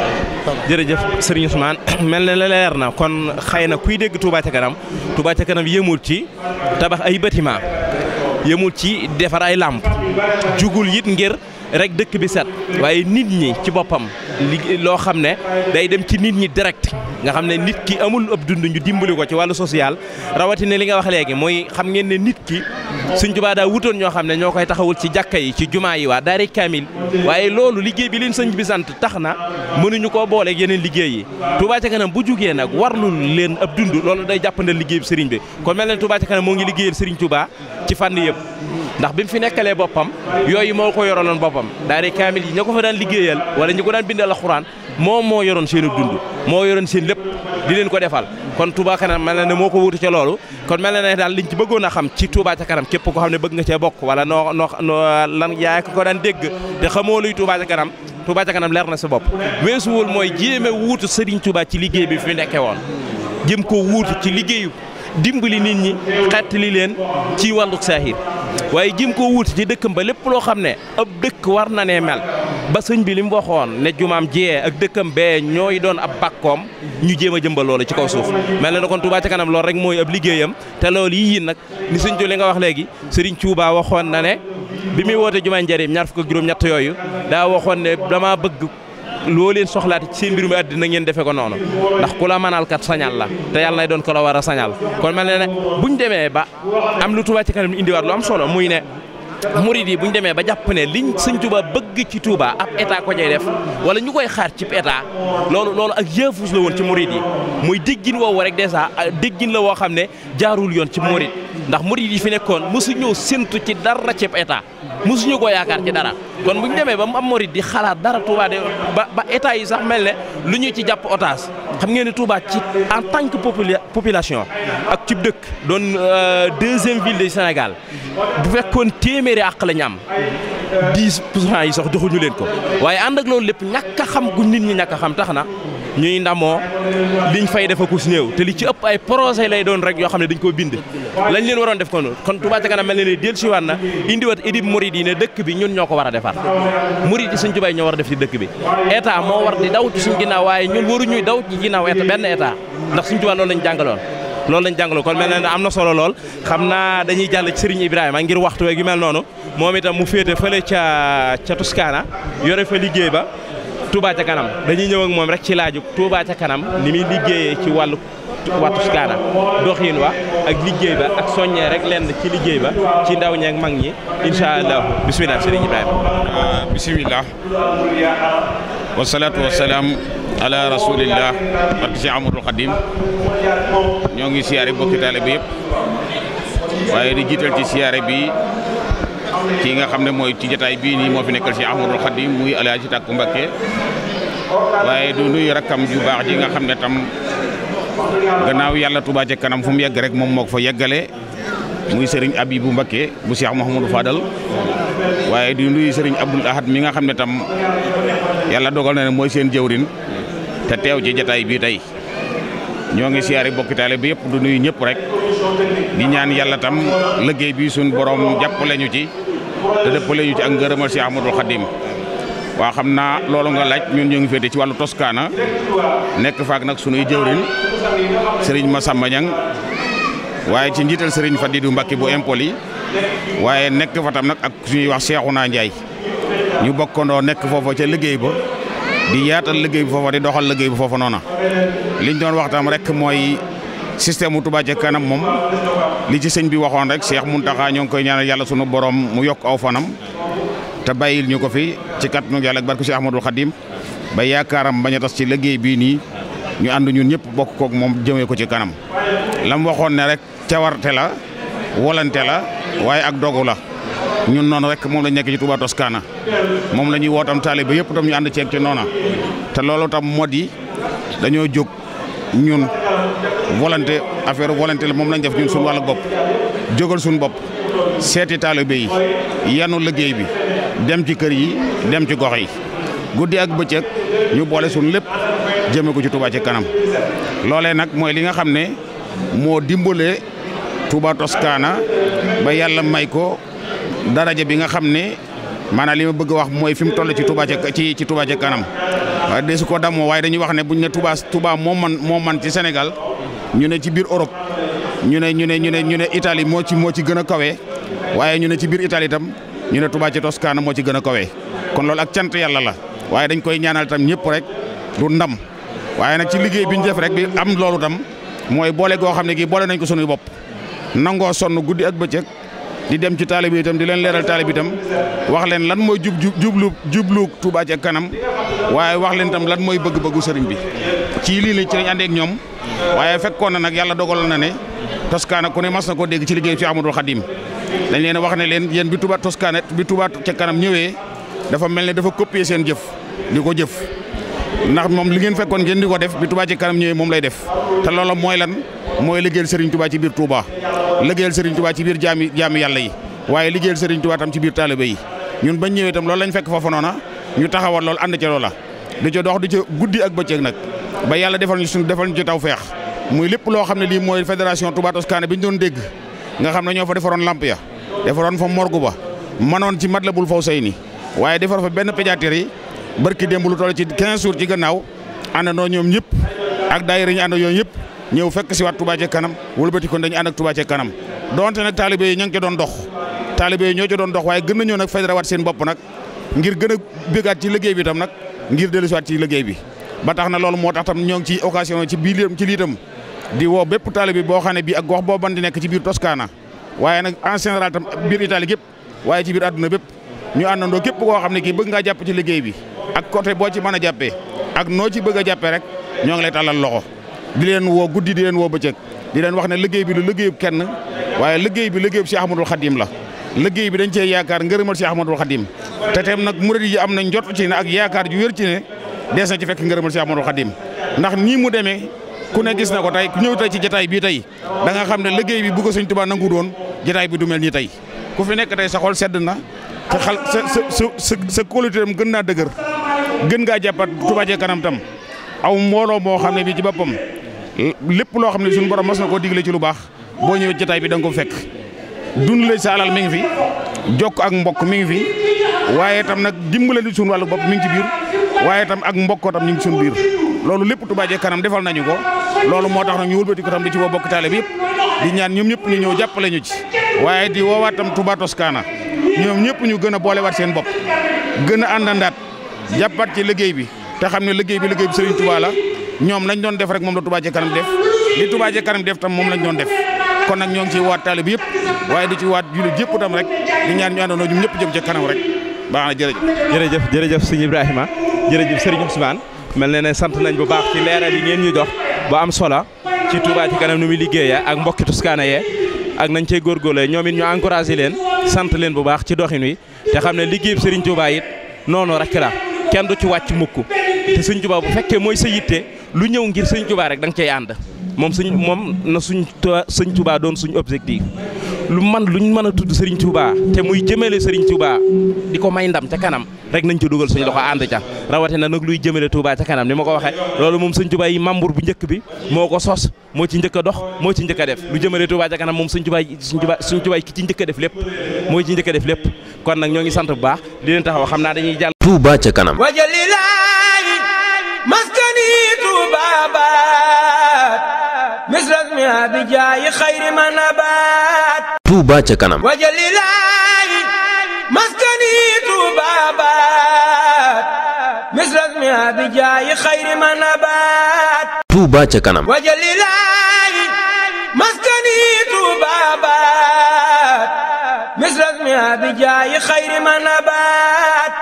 jërëjëf Serigne Ousmane mel na la leer na kon xëy na kuy dégg Touba ca kanam Touba ca kanam yëmul ci tabax ay bâtiment yëmul ci defar ay làmp jugul yit ngir rek dëkk bi set waaye nit ñi ci boppam loo xam ne day dem ci nit ñi direct nga xam ne nit ki amul ëpp dund ñu dimbali ko ci wàllu social rawatina li nga wax léegi mooy xam ngeen ne nit ki suñ jubaa daa wutoon ñoo xam ne ñoo koy taxawul ci jàkka yi ci jumaa yi waa daari kaamil waaye loolu liggéey bi leen sëñ bi sant tax na mënuñu koo booleeg yeneen liggéey yi Touba ca bu jugee nag warlu leen ab dund loolu day jàppandal liggéey bi sëriñ bi kon mel ne Touba ca ngi liggéeyal sëriñ Touba ci fànn yëpp ndax bi mu fi boppam yooyu moo ko yoraloon boppam boppam daare kaamil yi ña ko fa daan liggéeyal wala ñi ko daan bindal alxuraan moom moo yoroon seen dund moo yoroon seen lépp di ko defal kon Touba kanam mel na ne moo ko wuute ca loolu kon mel na ne daal liñ ci bëggoon a xam ci Touba ca kanam képp ko xam ne bëgg nga cee bokk wala noo noo lan yaay ko daan dégg te xamoo luy Touba ca kanam Touba ca kanam leer na sa bopp weesuwul mooy jéeme wuutu Serigne Touba ci liggéey bi fi nekkee woon jëm ko wuutu ci liggéeyu dimbali nit ñi xettali leen ci wàllu saahir waaye jim koo wuuti ci dëkkam ba lépp loo xam ne ab dëkk war na ne mel ba sëñ bi li mu waxoon ne jumaam jiyee ak dëkkam bee ñooy doon ab bàkkoom ñu jéem a jëmbal loola ci kaw suuf mel na kon Touba ca kanam loolu rek mooy ab liggéeyam te loolu yii nag ni sëñ li nga wax léegi Serigne Touba waxoon na ne bi muy woote jumaa njëriñ ñaar fukk ak juróom-ñett yooyu daa waxoon ne dama bëgg loo leen soxlaate ci seen mbir mi ngeen defe ko noonu ndax ku manal mënal kat sañal la te yàlla nay doon ko la war a sañal kon mel ne ne buñ demee ba am lu Touba ci kanam indiwaat lu am solo muy ne murid yi bu ñu demee ba jàpp ne liñ sëñ Touba bëgg ci Touba ab état ko cay def wala ñu koy xaar ci état loolu loolu ak yëfus la woon ci murid muy déggin woowu rek dèjà déggin la woo xam ne jaarul yoon ci murid ndax murid yi fi nekkoon mosuñoo séntu ci dara ceeb état mosuñu ko yaakaar ci dara kon bu ñu demee ba mu am murid di xalaat dara Touba ba ba état yi sax mel ne li ñu ci jàpp otage xam ngeen ne Touba ci en tant que population ak cib dëkk doon euh, deuxième ville du senegal bu fekkoon téeméeri àq la am. dix pour cent yi sax joxuñu leen ko waaye ànd loolu lépp ñàkk xam gu nit ñi ñàkk xam tax na ñuy ndamoo liñ fay dafa kus néew te li ci ëpp ay projet lay doon rek yoo xam ne dañ koo bind lañ leen waroon def ko kon Touba ca mel ne ne del siwaat na indiwaat idib murid yi ne dëkk bi ñun ñoo ko war a defar murid yi suñ tubaay ñoo war a def ci dëkk bi état moo war di daw ci suñ ginnaaw waaye ñun waru ñuy daw ci ginnaaw état benn état ndax suñ tubaay loolu lañ jàngaloon loolu lañ jàngaloo kon mel na ne am na solo lool xam naa dañuy jàll ci Ibrahima ngir waxtu wi gi mel noonu moom itam mu féete fële ca ca Toscana yore fa liggéey ba Touba ca kanam dañuy ñëw moom rek ci laaju Touba ca kanam ni muy liggéeyee ci wàllu wattu kaana doxiin wa ak liggéey ba ak soññee rek lenn ci liggéey ba ci ndaw ñeek mag ñi insha allahu bismillah sëriñ Ibrahima ah, bismillah wasalaatu wasalaam ala rasulillah barke si Amadou Khadim ñoo ngi siyaare bokki taalibe bi yëpp waaye di jiital ci bi kii nga xam ne mooy ci jataay bii nii moo fi nekkal si Ahmadul Khadim muy Alaaji Tàkku Mbakke waaye du nuyu rakkam ju baax ji nga xam ne tam gannaaw yàlla Touba ca kanam fu mu yegg rek moom moo ko fa yeggale muy Serigne bu Mbakke bu Cheikh Mouhamadou Fadal waaye du nuyu Serigne Abdoul Ahad mi nga xam ne tam yàlla dogal na ne mooy seen jëwrin te teew ci jataay bii tey ñoo ngi siyaare bokki bi yëpp du nuyu ñëpp rek di ñaan yàlla tam lëggéey bi suñ borom jàppale ci. te dëppale ñu ci ak ngërëmal Cheikh Ahmadoul Khadim waaw xam naa loolu nga laaj ñun ñu ngi féete ci wàllu toskaana nekk faak nag sunuy jëwrin sëriñ Massamba Niang waaye ci njiital sëriñ Fadidou Mbacke bu impoli waaye nekk fa tam nag ak suñuy wax Cheikhouna Ndiaye ñu bokkandoo nekk foofa ca liggéey ba di yaatal liggéey bi foofa di doxal liggéey bi foofa noona liñ doon wax tam mooy système mu Touba ca kanam moom li ci sëñ bi waxoon rek Cheikh Mountakha ñoo koy ñaanal yàlla sunu boroom mu yokk aw fanam te bàyyil ñu ko fi ci kàttanu yàlla ak barke Cheikh Ahmadou Khadim ba yaakaaram bañ a tas ci liggéey bii nii ñu ànd ñun ñëpp bokk kook moom jëmee ko ci kanam lam waxoon ne rek cawarte la wolante la waaye ak dogu la ñun noonu rek moom lañ nekk ci Touba kaana moom la ñuy wootam taalibe yëpp tam ñu ànd ceeg ci noona te loolu tam volonté affaire volonté la moom lañ def ñun suñu wàllu bopp jógal suñu bopp seeti taalibe yi yanu liggéey bi dem ci kër yi dem ci gox yi guddi ak bëccëg ñu boole suñu lépp jëme ko ci Touba ci kanam loole nag mooy li nga xam ne moo dimbalee Touba Toscana ba yàlla may ko daraja bi nga xam ne maanaam li ma bëgg wax mooy fi mu toll ci Touba ci ci Touba kanam waaye desu ko damoo waaye dañuy wax ne bu buñ ne tubaa tubaa moo man moo man ci senegal ñu ne ci biir Europe ñu ne ñu ne ñu ne ñu ne Italie moo ci moo ci gën a kawe waaye ñu ne ci biir Italie itam ñu ne Touba ci Toscana moo ci gën a kawe kon loolu ak cant yàlla la waaye dañ koy ñaanal tam ñëpp rek du ndam waaye nag ci liggéey bi ñu def rek bi am loolu tam mooy boole goo xam ne gii boole nañ ko sunuy bopp nangoo sonn guddi ak bëccëg. di dem ci taalib itam di leen leeral taalib itam wax leen lan mooy jub jublu jublu Touba ca kanam waaye wax leen tam lan mooy bëgg-bëggu sëriñ bi ci lii la ci lañ àndeek ñoom waaye fekkoon na nag yàlla dogal na ne toskaana ku ne mas na koo dégg ci liggéey fi Amadou Khadim dañ leen wax ne leen yéen bi Touba toskaana bi Touba ca kanam ñëwee dafa mel ne dafa copier seen jëf di ko jëf ndax moom li ngeen fekkoon ngeen di ko def bi Touba ci kanam ñëwee moom lay def te loola mooy lan mooy liggéeyal Serigne Touba ci biir Touba liggéeyal Serigne Touba ci biir jaami jaami yàlla yi waaye liggéeyal Serigne Touba tam ci biir taalibe yi ñun bañ ñëwee itam lool lañ fekk foofa noona ñu taxawal loolu ànd ca loola di ca dox di ca guddi ak bëccëg nag ba yàlla defal ñu suñu defal ñu ci taw feex muy lépp loo xam ne lii mooy fédération Touba Toscane bi ñu doon dégg nga xam ne ñoo fa defaroon lamp ya defaroon fa morgu ba manoon ci Matlabul Fawzayni waaye defar fa benn pédiatrie barki démb lu toll ci 15 jours ci gannaaw àndandoo ñoom ñëpp ak daayira ñu àndandoo ñëpp ñëw fekk si waat Touba kanam wëlbati ko dañu ànd ak Touba ca kanam donte nag taalibe yi ña ngi ca doon dox taalibe yi ñoo ci doon dox waaye gën nañoo nag federawaat seen bopp nag ngir gën a bégaat ci liggéey bi tam nag ngir dellusiwaat ci liggéey bi ba tax na loolu moo tax tam ñoo ngi ci occasion ci bii ci liitam di woo bépp taalibe boo xam ne bii ak gox boo ban di nekk ci biir Toscana waaye nag an général tam biir Italie gépp waaye ci biir àdduna bépp ñu àndandoo képp koo xam ne kii bëgg ngaa jàpp ci liggéey bi ak côté boo ci mën a jàppee ak noo ci bëgg a jàppee rek ñoo ngi lay tàllal loxo di leen woo guddi di leen woo bëccëg di leen wax ne liggéey bi du liggéeyub kenn waaye liggéey bi liggéeyub Cheikh Ahmadoul Khadim la liggéey bi dañ cee yaakaar ngërëmal Cheikh Ahmadoul Khadim te teem nag murid yi am na njot ci ne ak yaakaar ju wér ci ne dees na ci fekk ngërëmal Cheikh Ahmadoul Khadim ndax nii mu demee ku ne gis na ko tey ñëw tey ci jataay bii tey da xam ne liggéey bi bu ko Sëñ Tuubaa nangu doon jataay bi du mel nii tey ku fi nekk tey sa sedd na te xal sa sa sa sa kóoluteem gën naa dëgër gën ngaa jàppat Touba ca kanam tam aw mbooloo moo xam ne bii ci boppam lépp loo xam ne suñu borom mas na koo digle ci lu baax boo ñëwee jataay bi da ko fekk dundale sa alal mi ngi fi jokk ak mbokk mi ngi fi waaye tam nag dimbale ni suñu wàllu bopp mi ngi ci biir waaye tam ak mbokkoo tam ñu ngi suñu biir loolu lépp Touba ca kanam defal nañu ko loolu moo tax nag ñu wëlbati ko tam di ci woo bokk taale bi yëpp di ñaan ñoom ñëpp ñu ñëw jàppale ñu ci waaye di woowaat tam Touba Toscana ñoom ñëpp ñu gën a boolewaat seen bopp gën a àndandaat jàppaat ci liggéey bi te xam ne liggéey bi liggéey bi Serigne Touba la ñoom lañ doon def rek moom la Touba ca kanam def li Touba ca kanam def tam moom lañ doon def kon nag ñoo ngi ciy waat taalib yëpp waaye di ci waat jullit yëpp tam rek di ñaan ñu àndandoo ñun ñëpp jëm ca kanam rek baax na jërëjëf. jërëjëf jërëjëf Ibrahima jërëjëf Serigne Ousmane mel na ne sant nañ bu baax ci leeral yi ngeen ñu dox boo am solo ci Touba ca nu muy liggéeyee ak mbokki tuskaana yee ak nañ cey góorgóorlee ñoom it ñu encouragé leen sant leen bu baax ci doxin wi te xam ne liggéeyub Serigne Touba it noonu rek la kenn du ci wàcc mukk te suñ Touba bu fekkee mooy sa yitte lu ñëw ngir Serigne Touba rek danga nga ànd moom suñ moom na suñ suñ Touba doon suñ objectif lu man luñ mën a tudd Serigne Touba te muy jëmale Serigne Touba di ko may ndam ca kanam rek nañ ca dugal suñu loxo ànd ca na nag luy jëmale Touba ca kanam ni ma ko waxee loolu moom suñ Touba yi membre bu njëkk bi moo ko sos moo ci njëkk a dox moo ci njëkk a def lu jëmale Touba ca kanam moom Serigne Touba Serigne Touba Serigne Touba ki ci njëkk a def lépp moo ci njëkk a def lépp kon nag ñoo ngi sant bu baax di leen taxaw xam naa dañuy jàll. Touba ca kanam. wajalilaay Touba ca kanam wajalilaayi maskani Touba baat misrasmi abijaayi xayri ma nabaat Touba ca kanam wajalilaayi maskani Touba baat misrasmi abijaayi xayri ma nabaat